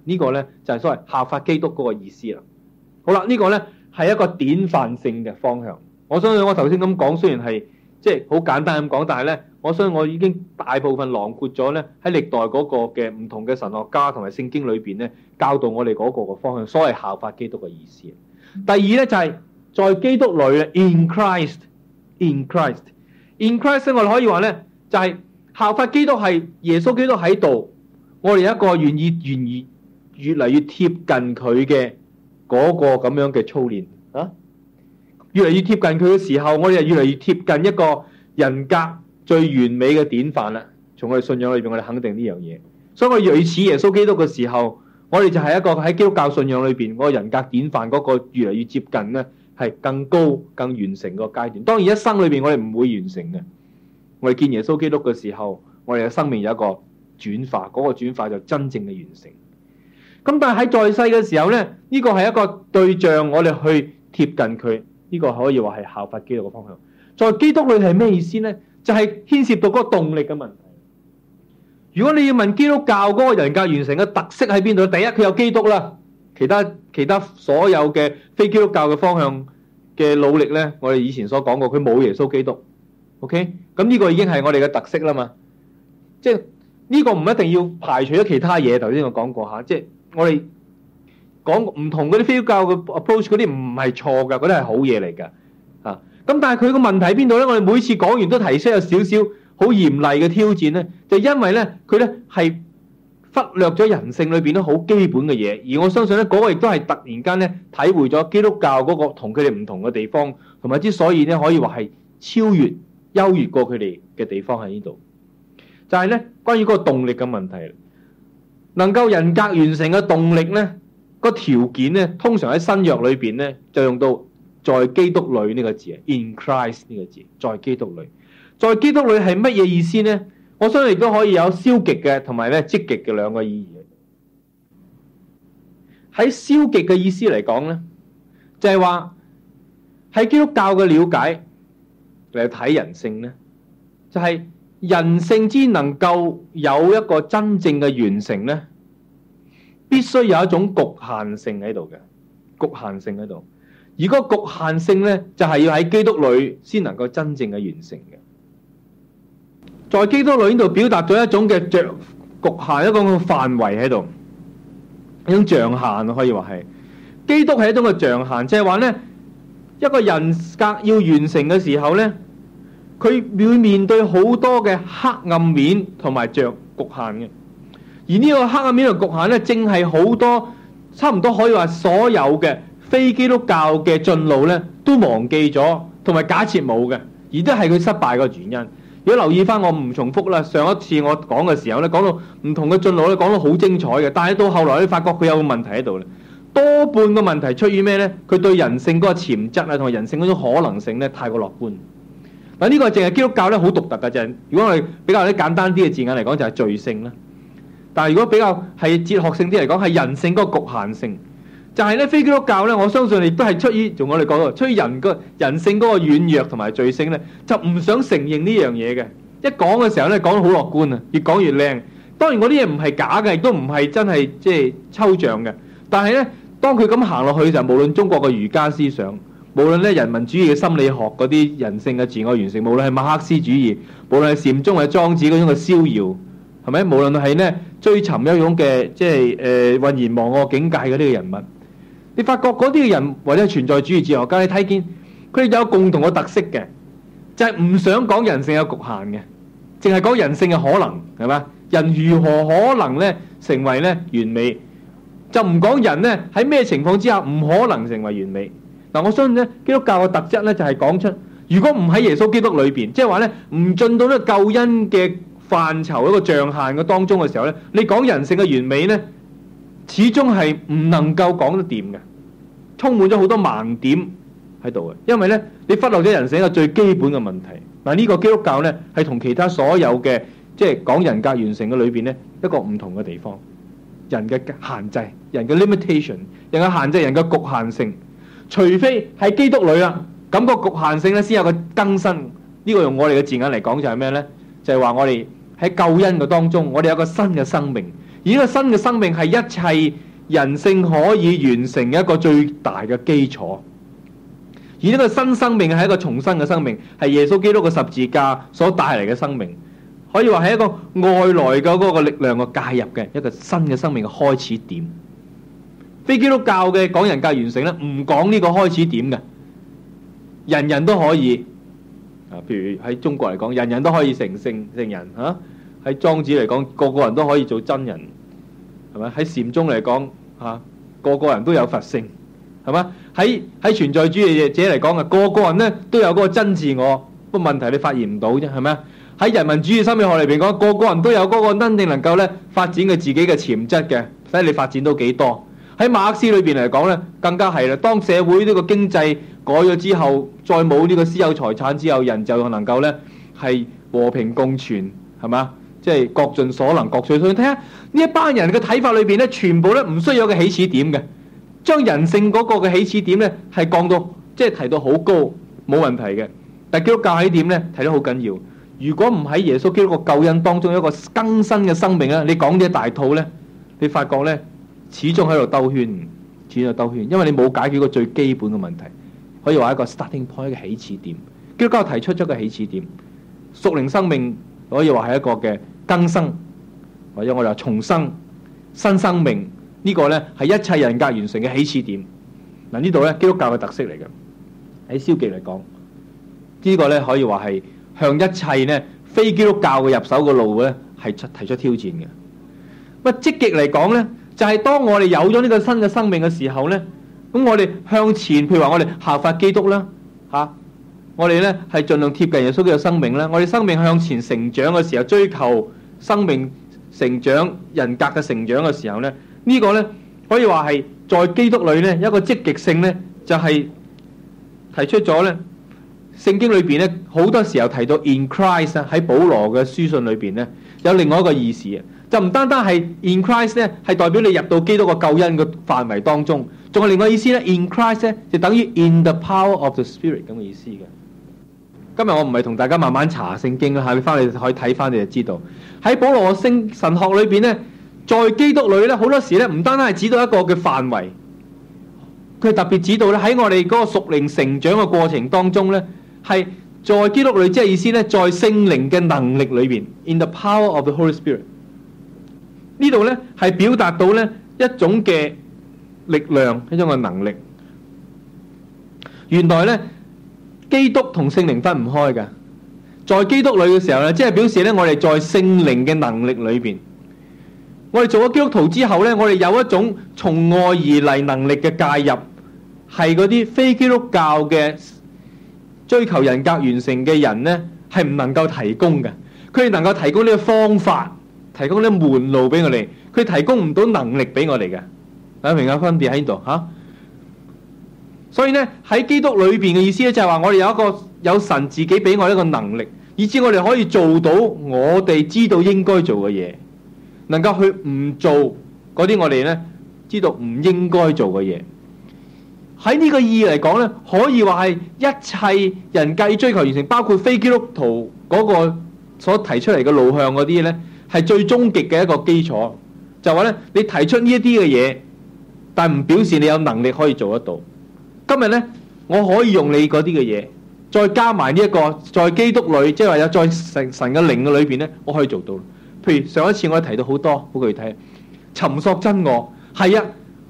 呢個咧就係所謂效法基督嗰個意思啦。好啦，呢個咧係一個典範性嘅方向。我相信我頭先咁講，雖然係即係好簡單咁講，但係咧。我相信我已經大部分囊括咗咧，喺歷代嗰個嘅唔同嘅神學家同埋聖經裏邊咧，教導我哋嗰個嘅方向，所謂效法基督嘅意思。第二咧就係在基督裏咧，in Christ，in Christ，in Christ，我哋可以話咧，就係效法基督係耶穌基督喺度，我哋有一個願意願意越嚟越貼近佢嘅嗰個咁樣嘅操練啊，越嚟越貼近佢嘅時候，我哋越嚟越貼近一個人格。最完美嘅典範啦，從我哋信仰裏邊，我哋肯定呢樣嘢。所以我哋類似耶穌基督嘅時候，我哋就係一個喺基督教信仰裏邊嗰個人格典範嗰個越嚟越接近咧，係更高、更完成個階段。當然一生裏邊我哋唔會完成嘅。我哋見耶穌基督嘅時候，我哋嘅生命有一個轉化，嗰、那個轉化就真正嘅完成。咁但係喺在，在世嘅時候咧，呢、這個係一個對象，我哋去貼近佢，呢、這個可以話係效法基督嘅方向。在基督裏係咩意思咧？就係牽涉到嗰個動力嘅問題。如果你要問基督教嗰個人格完成嘅特色喺邊度，第一佢有基督啦，其他其他所有嘅非基督教嘅方向嘅努力咧，我哋以前所講過，佢冇耶穌基督。OK，咁呢個已經係我哋嘅特色啦嘛。即係呢個唔一定要排除咗其他嘢。頭先我講過嚇，即係我哋講唔同嗰啲非教嘅 approach 嗰啲唔係錯嘅，嗰啲係好嘢嚟㗎。咁但係佢個問題喺邊度咧？我哋每次講完都提出有少少好嚴厲嘅挑戰咧，就因為咧佢咧係忽略咗人性裏邊咧好基本嘅嘢，而我相信咧嗰個亦都係突然間咧體會咗基督教嗰個同佢哋唔同嘅地方，同埋之所以咧可以話係超越、優越過佢哋嘅地方喺呢度，就係咧關於嗰個動力嘅問題，能夠人格完成嘅動力咧個條件咧通常喺新約裏邊咧就用到。在基督裏呢個字啊，in Christ 呢個字，在基督裏，在基督裏係乜嘢意思咧？我相信亦都可以有消極嘅同埋咧積極嘅兩個意義。喺消極嘅意思嚟講咧，就係話喺基督教嘅了解嚟睇人性咧，就係、是、人性之能夠有一個真正嘅完成咧，必須有一種局限性喺度嘅，局限性喺度。而嗰局限性咧，就係要喺基督裏先能夠真正嘅完成嘅。在基督裏呢度表達咗一種嘅着局限，一個嘅範圍喺度，一種象限可以話係基督係一種嘅象限，即係話咧，一個人格要完成嘅時候咧，佢會面對好多嘅黑暗面同埋着局限嘅。而呢個黑暗面嘅局限咧，正係好多差唔多可以話所有嘅。非基督教嘅進路咧，都忘記咗，同埋假設冇嘅，而都係佢失敗嘅原因。如果留意翻，我唔重複啦，上一次我講嘅時候咧，講到唔同嘅進路咧，講到好精彩嘅，但係到後來咧，發覺佢有個問題喺度咧。多半個問題出於咩咧？佢對人性嗰個潛質啊，同埋人性嗰種可能性咧，太過樂觀。嗱，呢個淨係基督教咧，好獨特嘅就係，如果我哋比較啲簡單啲嘅字眼嚟講，就係罪性啦。但係如果比較係哲學性啲嚟講，係人性嗰個局限性。就係咧，非基督教咧，我相信你亦都係出於，同我哋講過，出於人個人性嗰個軟弱同埋罪性咧，就唔想承認呢樣嘢嘅。一講嘅時候咧，講得好樂觀啊，越講越靚。當然嗰啲嘢唔係假嘅，亦都唔係真係即係抽象嘅。但係咧，當佢咁行落去嘅時候，無論中國嘅儒家思想，無論咧人民主義嘅心理學嗰啲人性嘅自我完成，無論係馬克思主義，無論係禪宗或者莊子嗰種嘅逍遙，係咪？無論係呢追尋一種嘅即係誒渾然忘我境界嘅呢個人物。你發覺嗰啲人或者存在主義哲學家，你睇見佢哋有共同嘅特色嘅，就係唔想講人性有局限嘅，淨係講人性嘅可能係嘛？人如何可能咧成為咧完美？就唔講人咧喺咩情況之下唔可能成為完美。嗱我相信咧，基督教嘅特質咧就係講出，如果唔喺耶穌基督裏邊，即係話咧唔進到呢個救恩嘅範疇一個象限嘅當中嘅時候咧，你講人性嘅完美咧，始終係唔能夠講得掂嘅，充滿咗好多盲點喺度嘅。因為呢，你忽略咗人性一個最基本嘅問題。嗱，呢個基督教呢係同其他所有嘅即係講人格完成嘅裏邊呢一個唔同嘅地方。人嘅限制，人嘅 limitation，人嘅限制，人嘅局限性。除非喺基督裏啊，感覺局限性呢，先有個更新。呢個用我哋嘅字眼嚟講就係咩呢？就係話我哋喺救恩嘅當中，我哋有個新嘅生命。而呢個新嘅生命係一切人性可以完成嘅一個最大嘅基礎，而呢個新生命係一個重生嘅生命，係耶穌基督嘅十字架所帶嚟嘅生命，可以話係一個外來嘅嗰個力量嘅介入嘅一個新嘅生命嘅開始點。非基督教嘅講人格完成咧，唔講呢個開始點嘅，人人都可以啊，譬如喺中國嚟講，人人都可以成聖、聖人吓。喺莊子嚟講，個個人都可以做真人，係咪？喺禪宗嚟講，嚇個個人都有佛性，係嘛？喺喺存在主義者嚟講啊，個個人都有嗰個真自我，不過問題你發現唔到啫，係咪？喺人民主義心理學裏邊講，個個人都有嗰個真正能夠咧發展佢自己嘅潛質嘅，睇你發展到幾多？喺馬克思裏邊嚟講咧，更加係啦。當社會呢個經濟改咗之後，再冇呢個私有財產之後，人就能夠呢，係和平共存，係咪？即係各盡所能、各取所需。睇下呢一班人嘅睇法裏邊咧，全部咧唔需要有個起始點嘅，將人性嗰個嘅起始點咧係降到即係提到好高，冇問題嘅。但基督教起點咧提得好緊要。如果唔喺耶穌基督個救恩當中有一個更新嘅生命咧，你講啲大套咧，你發覺咧始終喺度兜圈，始終兜圈，因為你冇解決個最基本嘅問題，可以話一個 starting point 嘅起始點。基督教提出咗個起始點，屬靈生命。可以話係一個嘅更生，或者我哋話重生、新生命呢、這個呢，係一切人格完成嘅起始點。嗱呢度呢，基督教嘅特色嚟嘅，喺消極嚟講，呢個呢，可以話係向一切呢非基督教嘅入手嘅路呢，係出提出挑戰嘅。咁啊積極嚟講呢，就係、是、當我哋有咗呢個新嘅生命嘅時候呢，咁我哋向前，譬如話我哋效法基督啦，吓。我哋咧係盡量貼近耶穌嘅生命咧。我哋生命向前成長嘅時候，追求生命成長、人格嘅成長嘅時候咧，呢個咧可以話係在基督裏呢一個積極性咧，就係提出咗咧聖經裏面咧好多時候提到 in Christ 喺保羅嘅書信裏面咧有另外一個意思啊，就唔單單係 in Christ 咧係代表你入到基督個救恩嘅範圍當中，仲有另外一個意思咧。in Christ 咧就等於 in the power of the spirit 咁嘅意思嘅。今日我唔係同大家慢慢查聖經啦吓，你翻嚟，可以睇翻你就知道。喺保羅嘅聖神學裏邊咧，在基督裏咧，好多時咧唔單單係指到一個嘅範圍，佢特別指到咧喺我哋嗰個屬靈成長嘅過程當中咧，係在基督裏，即係意思咧，在聖靈嘅能力裏邊，In the power of the Holy Spirit。呢度咧係表達到咧一種嘅力量，一種嘅能力。原來咧。基督同聖靈分唔開嘅，在基督裏嘅時候咧，即係表示咧，我哋在聖靈嘅能力裏邊，我哋做咗基督徒之後咧，我哋有一種從愛而嚟能力嘅介入，係嗰啲非基督教嘅追求人格完成嘅人咧，係唔能夠提供嘅。佢哋能夠提供呢個方法，提供呢個門路俾我哋，佢哋提供唔到能力俾我哋嘅。大家明嘅分別喺呢度吓。啊所以咧，喺基督裏邊嘅意思咧，就係話我哋有一個有神自己俾我一個能力，以至我哋可以做到我哋知道應該做嘅嘢，能夠去唔做嗰啲我哋咧知道唔應該做嘅嘢。喺呢個意義嚟講咧，可以話係一切人格追求完成，包括非基督徒嗰個所提出嚟嘅路向嗰啲咧，係最終極嘅一個基礎。就話咧，你提出呢一啲嘅嘢，但唔表示你有能力可以做得到。今日咧，我可以用你嗰啲嘅嘢，再加埋呢一個，在基督裏，即係話有在神神嘅靈嘅裏邊咧，我可以做到。譬如上一次我提到好多好具體，尋索真我，係啊，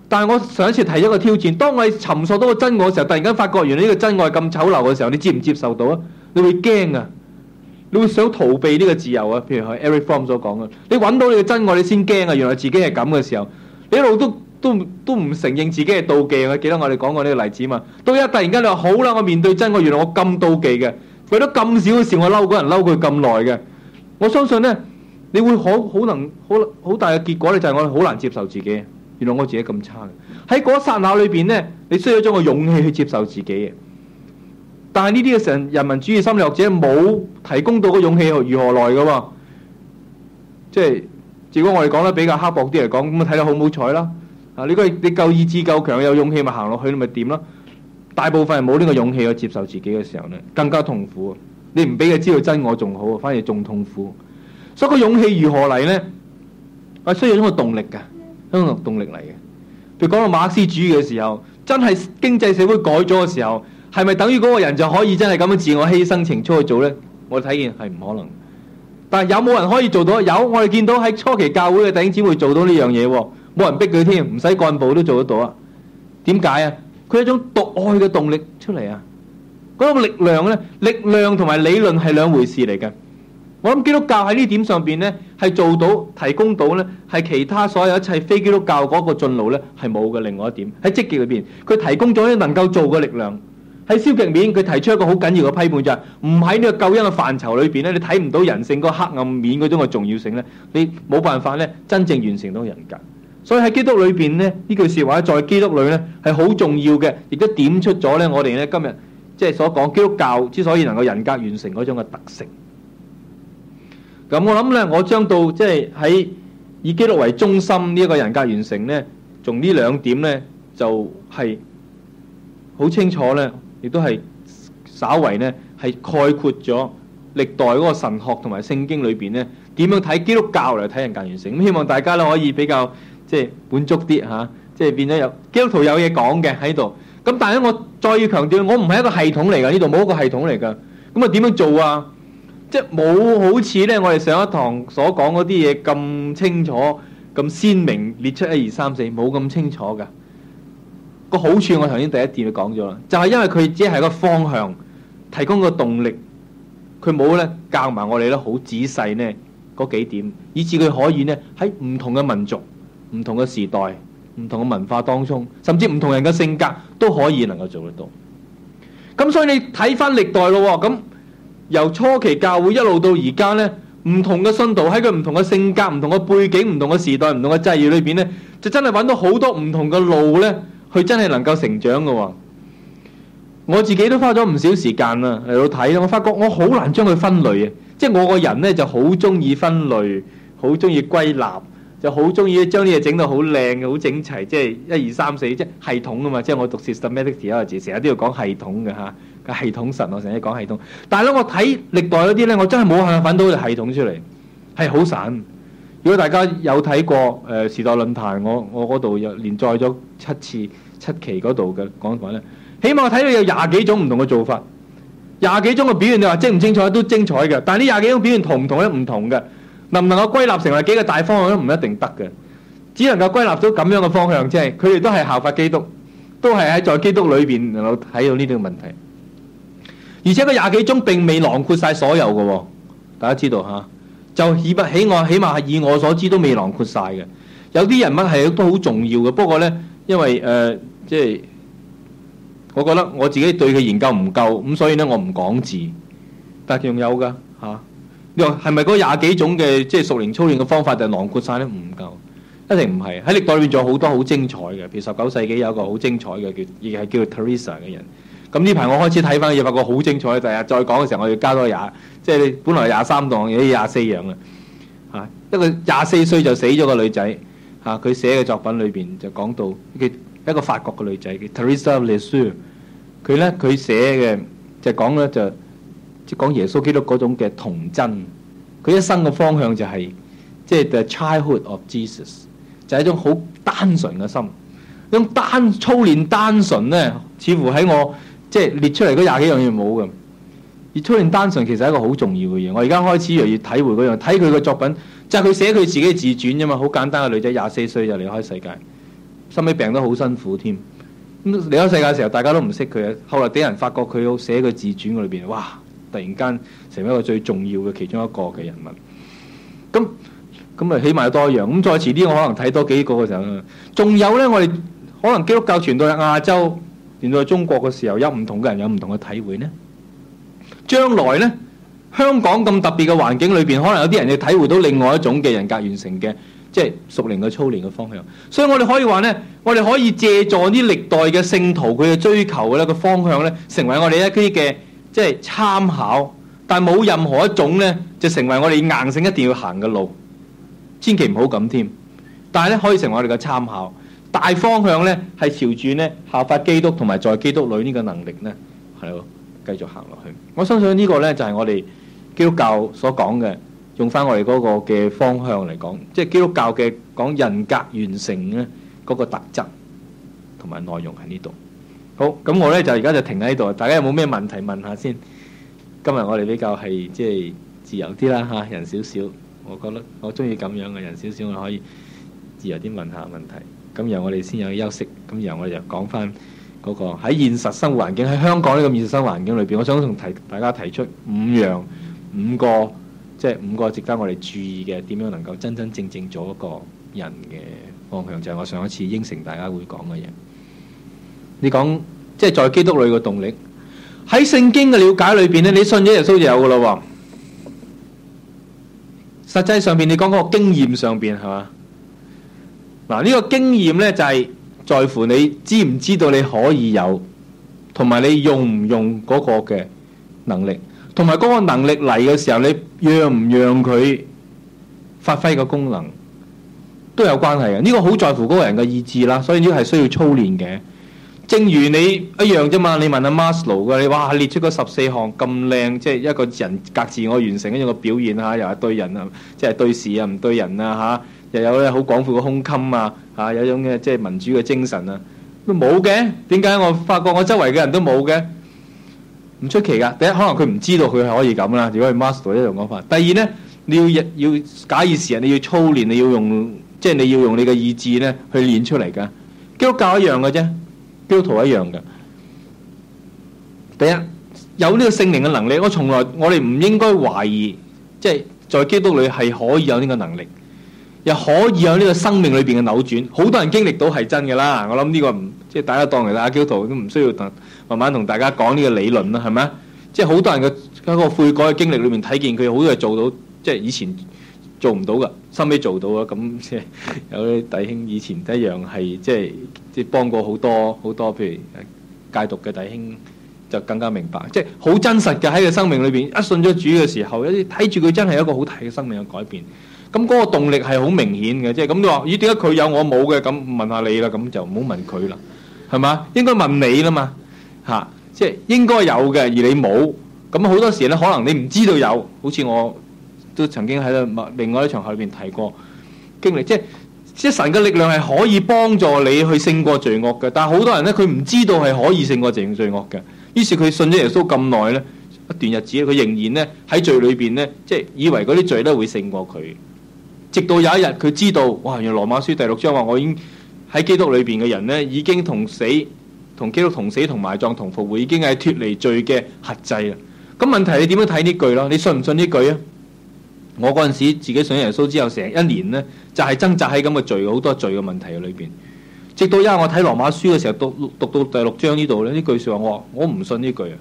但係我上一次提一個挑戰，當我尋索到個真我嘅時候，突然間發覺原來呢個真愛咁醜陋嘅時候，你接唔接受到啊？你會驚啊？你會想逃避呢個自由啊？譬如係 Eric Fromm 所講嘅，你揾到你嘅真愛你先驚啊！原來自己係咁嘅時候，你一路都。都都唔承認自己係妒忌。我記得我哋講過呢個例子嘛，到一突然間你話好啦，我面對真，我原來我咁妒忌嘅，為咗咁少嘅事，我嬲個人嬲佢咁耐嘅。我相信呢，你會好好能好好大嘅結果咧，就係我哋好難接受自己，原來我自己咁差嘅。喺嗰剎那裏邊呢，你需要將個勇氣去接受自己嘅。但係呢啲嘅人民主義心理學者冇提供到個勇氣如何來㗎喎？即係如果我哋講得比較刻薄啲嚟講，咁啊睇得好唔好彩啦？啊！你個你夠意志夠強，有勇氣咪行落去，你咪點咯？大部分人冇呢個勇氣去接受自己嘅時候呢，更加痛苦。你唔俾佢知道真我，仲好，反而仲痛苦。所以個勇氣如何嚟呢？啊，需要一種動力嘅，一種動力嚟嘅。譬如講到馬克思主義嘅時候，真係經濟社會改咗嘅時候，係咪等於嗰個人就可以真係咁樣自我犧牲情操去做呢？我睇見係唔可能的。但係有冇人可以做到？有，我哋見到喺初期教會嘅頂尖會做到呢樣嘢喎。冇人逼佢添，唔使幹部都做得到啊？點解啊？佢一種獨愛嘅動力出嚟啊！嗰個力量咧，力量同埋理論係兩回事嚟嘅。我諗基督教喺呢點上邊咧，係做到提供到咧，係其他所有一切非基督教嗰個進路咧係冇嘅。另外一點喺積極裏邊，佢提供咗啲能夠做嘅力量；喺消極面，佢提出一個好緊要嘅批判，就係唔喺呢個救恩嘅範疇裏邊咧，你睇唔到人性嗰個黑暗面嗰種嘅重要性咧，你冇辦法咧真正完成到人格。所以喺基督裏邊呢，呢句說話在基督裏呢係好重要嘅，亦都點出咗呢，我哋呢今日即係所講基督教之所以能夠人格完成嗰種嘅特性。咁我諗呢，我將到即係喺以基督為中心呢一個人格完成這呢，從呢兩點呢就係、是、好清楚呢，亦都係稍為呢係概括咗歷代嗰個神學同埋聖經裏邊呢點樣睇基督教嚟睇人格完成。希望大家呢可以比較。即係滿足啲嚇，即係變咗有基督徒有嘢講嘅喺度。咁但係我再要強調，我唔係一個系統嚟㗎，呢度冇一個系統嚟㗎。咁啊點樣做啊？即係冇好似咧我哋上一堂所講嗰啲嘢咁清楚、咁鮮明列出一二三四，冇咁清楚㗎。個好處我頭先第一點就講咗啦，就係、是、因為佢只係個方向，提供個動力。佢冇咧教埋我哋咧好仔細呢嗰幾點，以至佢可以呢喺唔同嘅民族、唔同嘅時代、唔同嘅文化當中，甚至唔同人嘅性格都可以能夠做得到。咁所以你睇返歷代咯，咁由初期教會一路到而家呢，唔同嘅信徒喺佢唔同嘅性格、唔同嘅背景、唔同嘅時代、唔同嘅際遇裏邊呢，就真係揾到好多唔同嘅路呢，去真係能夠成長嘅。我自己都花咗唔少時間啊嚟到睇，我發覺我好難將佢分類嘅，即係我個人呢，就好中意分類，好中意歸納。就好中意將啲嘢整到好靚嘅，好整齊，即係一二三四，即係系統啊嘛！即係我讀 systematic theology 嗰時，成日都要講系統嘅嚇，系統神我成日講系統，但係咧，我睇歷代嗰啲咧，我真係冇肯反到個系統出嚟，係好散。如果大家有睇過誒、呃、時代論壇，我我嗰度又連載咗七次七期嗰度嘅講法咧，起碼我睇到有廿幾種唔同嘅做法，廿幾種嘅表現。你話精唔精彩都精彩嘅，但係呢廿幾種表現同唔同咧，唔同嘅。能唔能夠歸納成為幾個大方向都唔一定得嘅，只能夠歸納到咁樣嘅方向，即係佢哋都係效法基督，都係喺在，在基督裏邊能夠睇到呢啲問題。而且個廿幾宗並未囊括晒所有嘅，大家知道嚇。就以不起我起碼係以我所知都未囊括晒嘅，有啲人物係都好重要嘅。不過呢，因為誒、呃、即係我覺得我自己對佢研究唔夠，咁所以呢，我唔講字，但仲有㗎嚇。啊係咪嗰廿幾種嘅即係熟練操練嘅方法就囊括晒呢？唔夠，一定唔係喺歷代裏面仲有好多好精彩嘅。譬如十九世紀有一個好精彩嘅叫亦係叫 Teresa 嘅人。咁呢排我開始睇翻，我發覺好精彩。第日再講嘅時候，我要加多廿，即係你本來廿三檔，咦廿四樣嘅。嚇，一個廿四歲就死咗個女仔。嚇，佢寫嘅作品裏邊就講到，一個法國嘅女仔，叫 Teresa of Lisieux。佢呢，佢寫嘅就講呢，就。即講耶穌基督嗰種嘅童真，佢一生嘅方向就係即係 the childhood of Jesus，就係一種好單純嘅心，咁單操練單純呢，似乎喺我即係列出嚟嗰廿幾樣嘢冇嘅。而操練單純其實係一個好重要嘅嘢。我而家開始又要越體會嗰樣，睇佢嘅作品，就係佢寫佢自己嘅自傳啫嘛，好簡單嘅女仔，廿四歲就離開世界，收尾病都好辛苦添。咁離開世界嘅時候，大家都唔識佢啊。後來畀人發覺佢有寫佢自傳嗰裏邊，哇！突然間成為一個最重要嘅其中一個嘅人物，咁咁啊，起碼有多樣。咁再遲啲，我可能睇多幾個嘅時候，仲有呢。我哋可能基督教傳到去亞洲，傳到中國嘅時候，有唔同嘅人，有唔同嘅體會呢。將來呢，香港咁特別嘅環境裏面，可能有啲人你體會到另外一種嘅人格完成嘅，即係熟練嘅操練嘅方向。所以我哋可以話呢，我哋可以借助啲歷代嘅聖徒，佢嘅追求嘅，個方向呢，成為我哋一啲嘅。即係參考，但冇任何一種呢，就成為我哋硬性一定要行嘅路，千祈唔好咁添。但係咧，可以成為我哋嘅參考，大方向呢，係朝住呢效法基督同埋在基督裏呢個能力呢，係繼續行落去。我相信呢個呢，就係、是、我哋基督教所講嘅，用翻我哋嗰個嘅方向嚟講，即係基督教嘅講人格完成呢嗰個特質同埋內容喺呢度。好，咁我呢就而家就停喺呢度，大家有冇咩問題問下先？今日我哋比較係即係自由啲啦，嚇人少少，我覺得我中意咁樣嘅人少少，我可以自由啲問下問題。咁然後我哋先有休息，咁然後我哋就講翻嗰個喺現實生活環境喺香港呢個現實生活環境裏邊，我想同大家提出五樣五個即係、就是、五個值得我哋注意嘅，點樣能夠真真正正做一個人嘅方向，就係、是、我上一次應承大家會講嘅嘢。你講即係在基督裏嘅動力，喺聖經嘅了解裏邊咧，你信咗耶穌就有噶咯。實際上邊你講嗰個經驗上邊係嘛？嗱呢個經驗咧就係在乎你知唔知道你可以有，同埋你用唔用嗰個嘅能力，同埋嗰個能力嚟嘅時候，你讓唔讓佢發揮個功能都有關係嘅。呢個好在乎嗰個人嘅意志啦，所以呢個係需要操練嘅。正如你一樣啫嘛，你問阿馬斯勞嘅，你哇列出個十四項咁靚，即係一個人格自我完成一樣嘅表現嚇、啊，又係對人啊，即係對事啊，唔對人啊嚇，又有咧好廣闊嘅胸襟啊嚇，有種嘅即係民主嘅精神啊都冇嘅，點解我發覺我周圍嘅人都冇嘅？唔出奇噶，第一可能佢唔知道佢係可以咁啦，如果係馬斯勞呢種講法。第二呢，你要要，要假以時日，你要操練，你要用即係你要用你嘅意志呢去練出嚟㗎。基督教一樣嘅啫。基督徒一樣嘅，第一有呢個聖靈嘅能力，我從來我哋唔應該懷疑，即係在基督裏係可以有呢個能力，又可以有呢個生命裏邊嘅扭轉。好多人經歷到係真嘅啦，我諗呢個唔即係大家當嚟啦，基督徒都唔需要同慢慢同大家講呢個理論啦，係咪？即係好多人嘅一個悔改嘅經歷裏面睇見佢好多嘢做到，即係以前。做唔到噶，收尾做到啊！咁即係有啲弟兄以前都一樣係即係即係幫過好多好多，譬如戒毒嘅弟兄就更加明白，即係好真實嘅喺佢生命裏邊。一信咗主嘅時候，有啲睇住佢真係一個好大嘅生命嘅改變。咁嗰個動力係好明顯嘅，即係咁你話咦？點解佢有我冇嘅？咁問下你啦，咁就唔好問佢啦，係嘛？應該問你啦嘛嚇！即係應該有嘅，而你冇。咁好多時咧，可能你唔知道有，好似我。都曾經喺另外一場合裏邊提過經歷，即係神嘅力量係可以幫助你去勝過罪惡嘅，但係好多人呢，佢唔知道係可以勝過罪罪惡嘅，於是佢信咗耶穌咁耐呢一段日子，佢仍然呢喺罪裏邊呢，即係以為嗰啲罪呢會勝過佢。直到有一日佢知道，哇！原來羅馬書第六章話，我已經喺基督裏邊嘅人呢已經同死同基督同死同埋葬同復活，已經係脫離罪嘅轄制啦。咁問題係你點樣睇呢句咯？你信唔信呢句啊？我嗰陣時自己信耶穌之後，成一年呢，就係、是、掙扎喺咁嘅罪好多罪嘅問題裏邊，直到因為我睇羅馬書嘅時候讀讀到第六章呢度呢，呢句話說話，我我唔信呢句啊！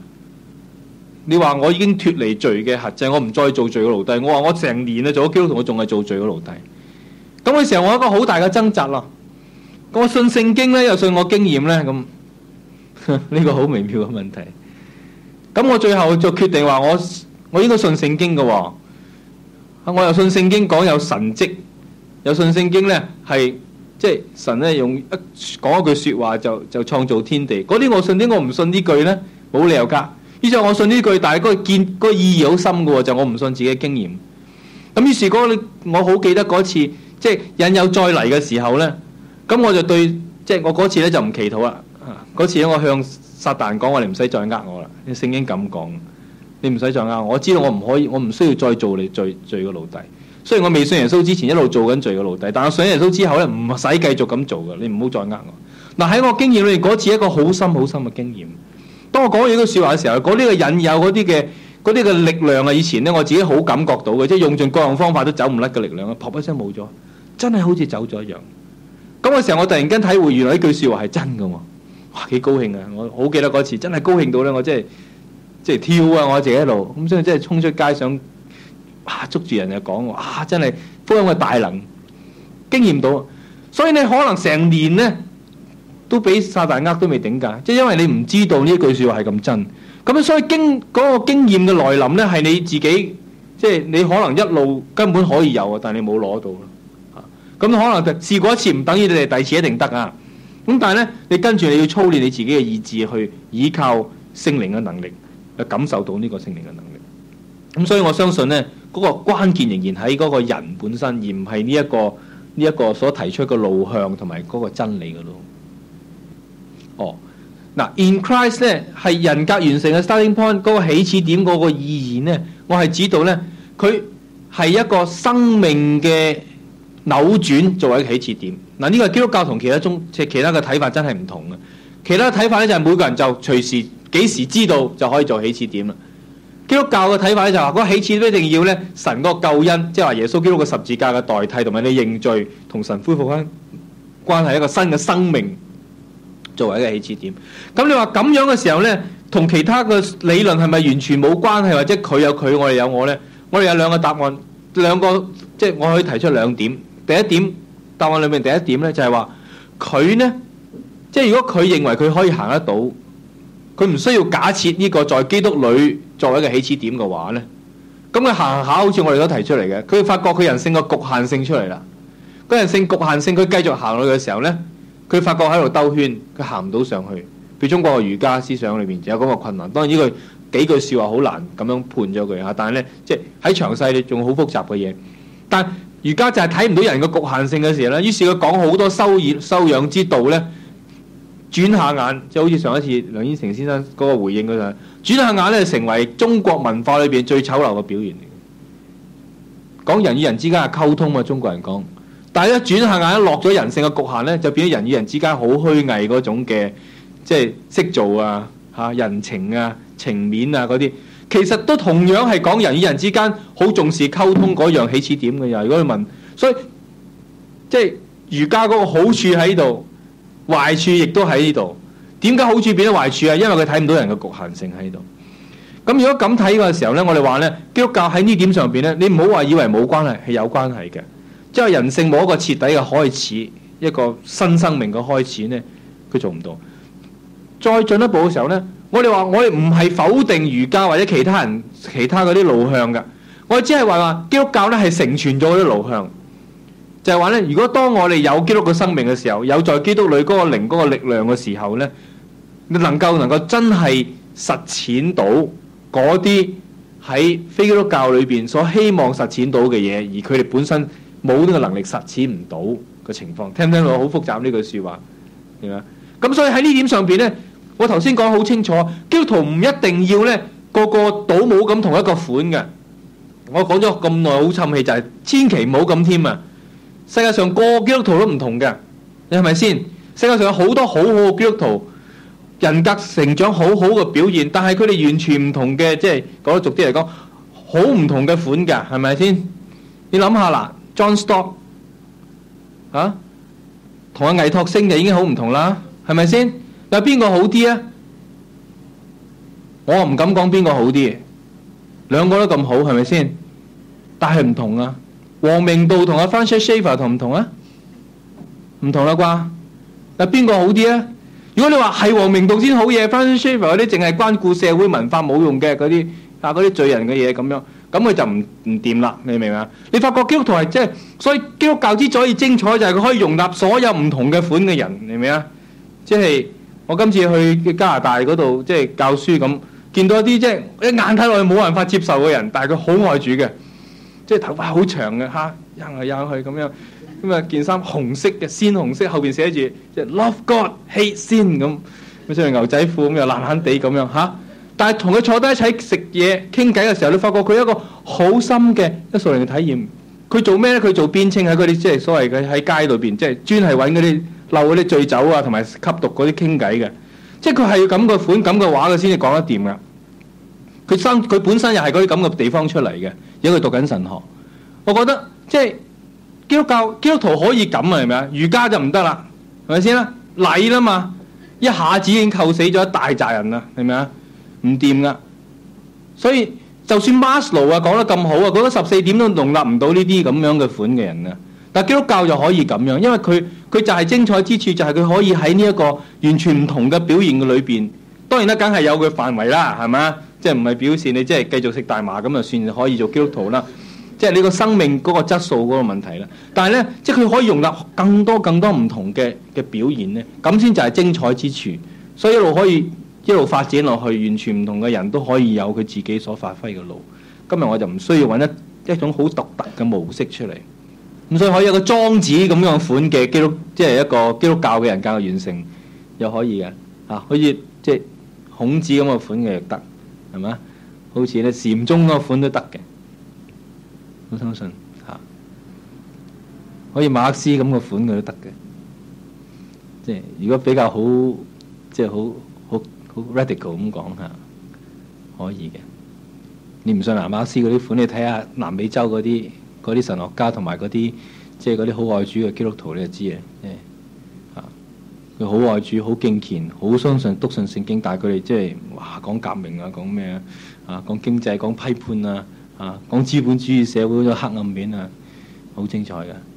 你話我已經脱離罪嘅轄制，就是、我唔再做罪嘅奴隸，我話我成年呢，做基督徒，我仲係做罪嘅奴隸。咁佢成日我有一個好大嘅掙扎咯，我信聖經呢，又信我經驗呢，咁，呢 個好微妙嘅問題。咁我最後就決定話我我應該信聖經嘅。我又信聖經講有神蹟，又信聖經呢，係即係神呢用一講一句說話就就創造天地。嗰啲我信啲，我唔信呢句呢，冇理由㗎。於是我信呢句，但係嗰個見、嗰個意義好深嘅，就我唔信自己嘅經驗。咁於是嗰個我好記得嗰次，即係引誘再嚟嘅時候呢。咁我就對即係我嗰次呢，就唔祈禱啦。嗰次咧我向撒旦講，我哋唔使再呃我啦，聖經咁講。你唔使再呃我，我知道我唔可以，我唔需要再做你罪罪嘅奴隸。雖然我未信耶穌之前一路做緊罪嘅奴隸，但係我信耶穌之後咧，唔使繼續咁做嘅。你唔好再呃我。嗱，喺我經驗裏面嗰次一個好深好深嘅經驗。當我講完呢個説話嘅時候，講呢個引誘嗰啲嘅嗰啲嘅力量啊，以前咧我自己好感覺到嘅，即係用盡各樣方法都走唔甩嘅力量啊，撲一聲冇咗，真係好似走咗一樣。咁嘅時候我突然間體會原來呢句説話係真㗎喎，哇，幾高興啊！我好記得嗰次，真係高興到咧，我真係。跳啊！我自己一路咁，所以即係衝出街上，哇、啊！捉住人就講，哇、啊！真係福音嘅大能，經驗到。所以你可能成年呢，都俾撒但呃都未頂架，即係因為你唔知道呢一句說話係咁真。咁所以經嗰、那個經驗嘅來臨呢，係你自己，即、就、係、是、你可能一路根本可以有啊，但係你冇攞到。吓，咁可能試過一次唔等於你哋第二次一定得啊。咁但係呢，你跟住你要操練你自己嘅意志去倚靠聖靈嘅能力。去感受到呢個聖靈嘅能力，咁所以我相信呢嗰個關鍵仍然喺嗰個人本身，而唔係呢一個呢一個所提出嘅路向同埋嗰個真理嘅咯。哦，嗱，In Christ 呢係人格完成嘅 starting point，嗰個起始點嗰個意義，呢我係指到呢，佢係一個生命嘅扭轉作為一個起始點。嗱，呢個基督教同其他宗其他嘅睇法真係唔同嘅，其他睇法呢，就係每個人就隨時。幾時知道就可以做起始點啦？基督教嘅睇法就話起始都一定要咧神個救恩，即係話耶穌基督個十字架嘅代替，同埋你認罪同神恢復翻關係一個新嘅生命，作為一個起始點。咁你話咁樣嘅時候呢，同其他嘅理論係咪完全冇關係，或者佢有佢，我哋有我呢？我哋有兩個答案，兩個即係我可以提出兩點。第一點答案裏面第一點是說呢，就係話佢呢，即係如果佢認為佢可以行得到。佢唔需要假設呢個在基督裏作為一個起始點嘅話呢，咁佢行下好似我哋都提出嚟嘅，佢會發覺佢人性個局限性出嚟啦。嗰人性局限性，佢繼續行落去嘅時候呢，佢發覺喺度兜圈，佢行唔到上去。譬如中國嘅儒家思想裏面就有嗰個困難。當然呢句幾句說話好難咁樣判咗佢嚇，但係呢，即係喺詳細仲好複雜嘅嘢。但儒家就係睇唔到人嘅局限性嘅時候呢，於是佢講好多修修養之道呢。轉下眼，就好似上一次梁啟成先生嗰個回應嗰陣，轉下眼咧成為中國文化裏邊最醜陋嘅表現嚟。講人與人之間嘅溝通啊，中國人講，但係一轉下眼，一落咗人性嘅局限咧，就變咗人與人之間好虛偽嗰種嘅，即係識做啊嚇人情啊情面啊嗰啲，其實都同樣係講人與人之間好重視溝通嗰樣起始點嘅嘢。如果你問，所以即係儒家嗰個好處喺度。壞處亦都喺呢度，點解好處變咗壞處啊？因為佢睇唔到人嘅局限性喺度。咁如果咁睇嘅時候呢，我哋話呢，基督教喺呢點上邊呢，你唔好話以為冇關係，係有關係嘅，即係、就是、人性冇一個徹底嘅開始，一個新生命嘅開始呢，佢做唔到。再進一步嘅時候呢，我哋話我哋唔係否定儒家或者其他人其他嗰啲路向㗎，我只係話話基督教呢係成全咗啲路向。就係話咧，如果當我哋有基督嘅生命嘅時候，有在基督裏嗰個靈、嗰個力量嘅時候咧，你能夠能夠真係實踐到嗰啲喺非基督教裏邊所希望實踐到嘅嘢，而佢哋本身冇呢個能力實踐唔到嘅情況，聽唔聽到？好複雜呢句說話，點啊？咁所以喺呢點上邊咧，我頭先講好清楚，基督徒唔一定要咧個個倒模咁同一個款嘅。我講咗咁耐好沉氣，就係千祈唔好咁添啊！世界上個個基督徒都唔同嘅，你係咪先？世界上有好多好好嘅基督徒，人格成長好好嘅表現，但係佢哋完全唔同嘅，即係講得俗啲嚟講，好唔同嘅款㗎，係咪先？你諗下啦，John Stock，啊，同阿魏托星就已經好唔同啦，係咪先？有邊個好啲啊？我唔敢講邊個好啲嘅，兩個都咁好，係咪先？但係唔同啊。王明道同阿 Francis Schaeffer 同唔同啊？唔同啦啩？嗱，邊個好啲啊？如果你話係王明道先好嘢，Francis Schaeffer 嗰啲淨係關顧社會文化冇用嘅嗰啲啊啲罪人嘅嘢咁樣，咁佢就唔唔掂啦，你明唔明？你發覺基督徒即係，所以基督教之所以精彩就係佢可以容納所有唔同嘅款嘅人，你明唔明啊？即係我今次去加拿大嗰度即係教書咁，見到一啲即係一眼睇落去冇辦法接受嘅人，但係佢好愛主嘅。即係頭髮好長嘅嚇，掗嚟掗去咁樣，咁啊件衫紅色嘅鮮紅色，後邊寫住、就是、Love God, Hate Sin 咁，咁著住牛仔褲咁又爛爛地咁樣吓、啊？但係同佢坐低一齊食嘢傾偈嘅時候，你發覺佢一個好深嘅一素人嘅體驗。佢做咩咧？佢做邊清喺佢哋即係所謂嘅喺街度邊，即係專係揾嗰啲漏嗰啲醉酒啊同埋吸毒嗰啲傾偈嘅。即係佢係要咁嘅款咁嘅話，佢先至講得掂㗎。佢生佢本身又係嗰啲咁嘅地方出嚟嘅，而家佢讀緊神學，我覺得即係基督教基督徒可以咁啊，係咪啊？儒家就唔得啦，係咪先啦？禮啦嘛，一下子已經扣死咗一大扎人啦，係咪啊？唔掂噶，所以就算馬斯洛啊講得咁好啊，覺得十四點都容納唔到呢啲咁樣嘅款嘅人啊。但係基督教就可以咁樣，因為佢佢就係精彩之處就係、是、佢可以喺呢一個完全唔同嘅表現嘅裏邊，當然啦，梗係有佢範圍啦，係咪啊？即係唔係表示你即係繼續食大麻咁就算可以做基督徒啦。即係你個生命嗰個質素嗰個問題啦。但係呢，即係佢可以容納更多更多唔同嘅嘅表現呢。咁先就係精彩之處。所以一路可以一路發展落去，完全唔同嘅人都可以有佢自己所發揮嘅路。今日我就唔需要揾一一種好獨特嘅模式出嚟，咁所以可以有一個莊子咁樣款嘅基督，即係一個基督教嘅人格完成，又可以嘅嚇。好似即係孔子咁嘅款嘅得。也可以。係嘛？好似咧，禪宗嗰款都得嘅，我相信嚇。可以馬克思咁嘅款佢都得嘅，即係如果比較好，即係好好好 radical 咁講吓，可以嘅。你唔信南馬克思嗰啲款，你睇下南美洲嗰啲嗰啲神學家同埋嗰啲即係嗰啲好愛主嘅基督徒，你就知嘅。佢好愛主，好敬虔，好相信篤信聖經。但係佢哋即係話講革命啊，講咩啊，啊講經濟講批判啊，啊講資本主義社會嘅黑暗面啊，好精彩噶～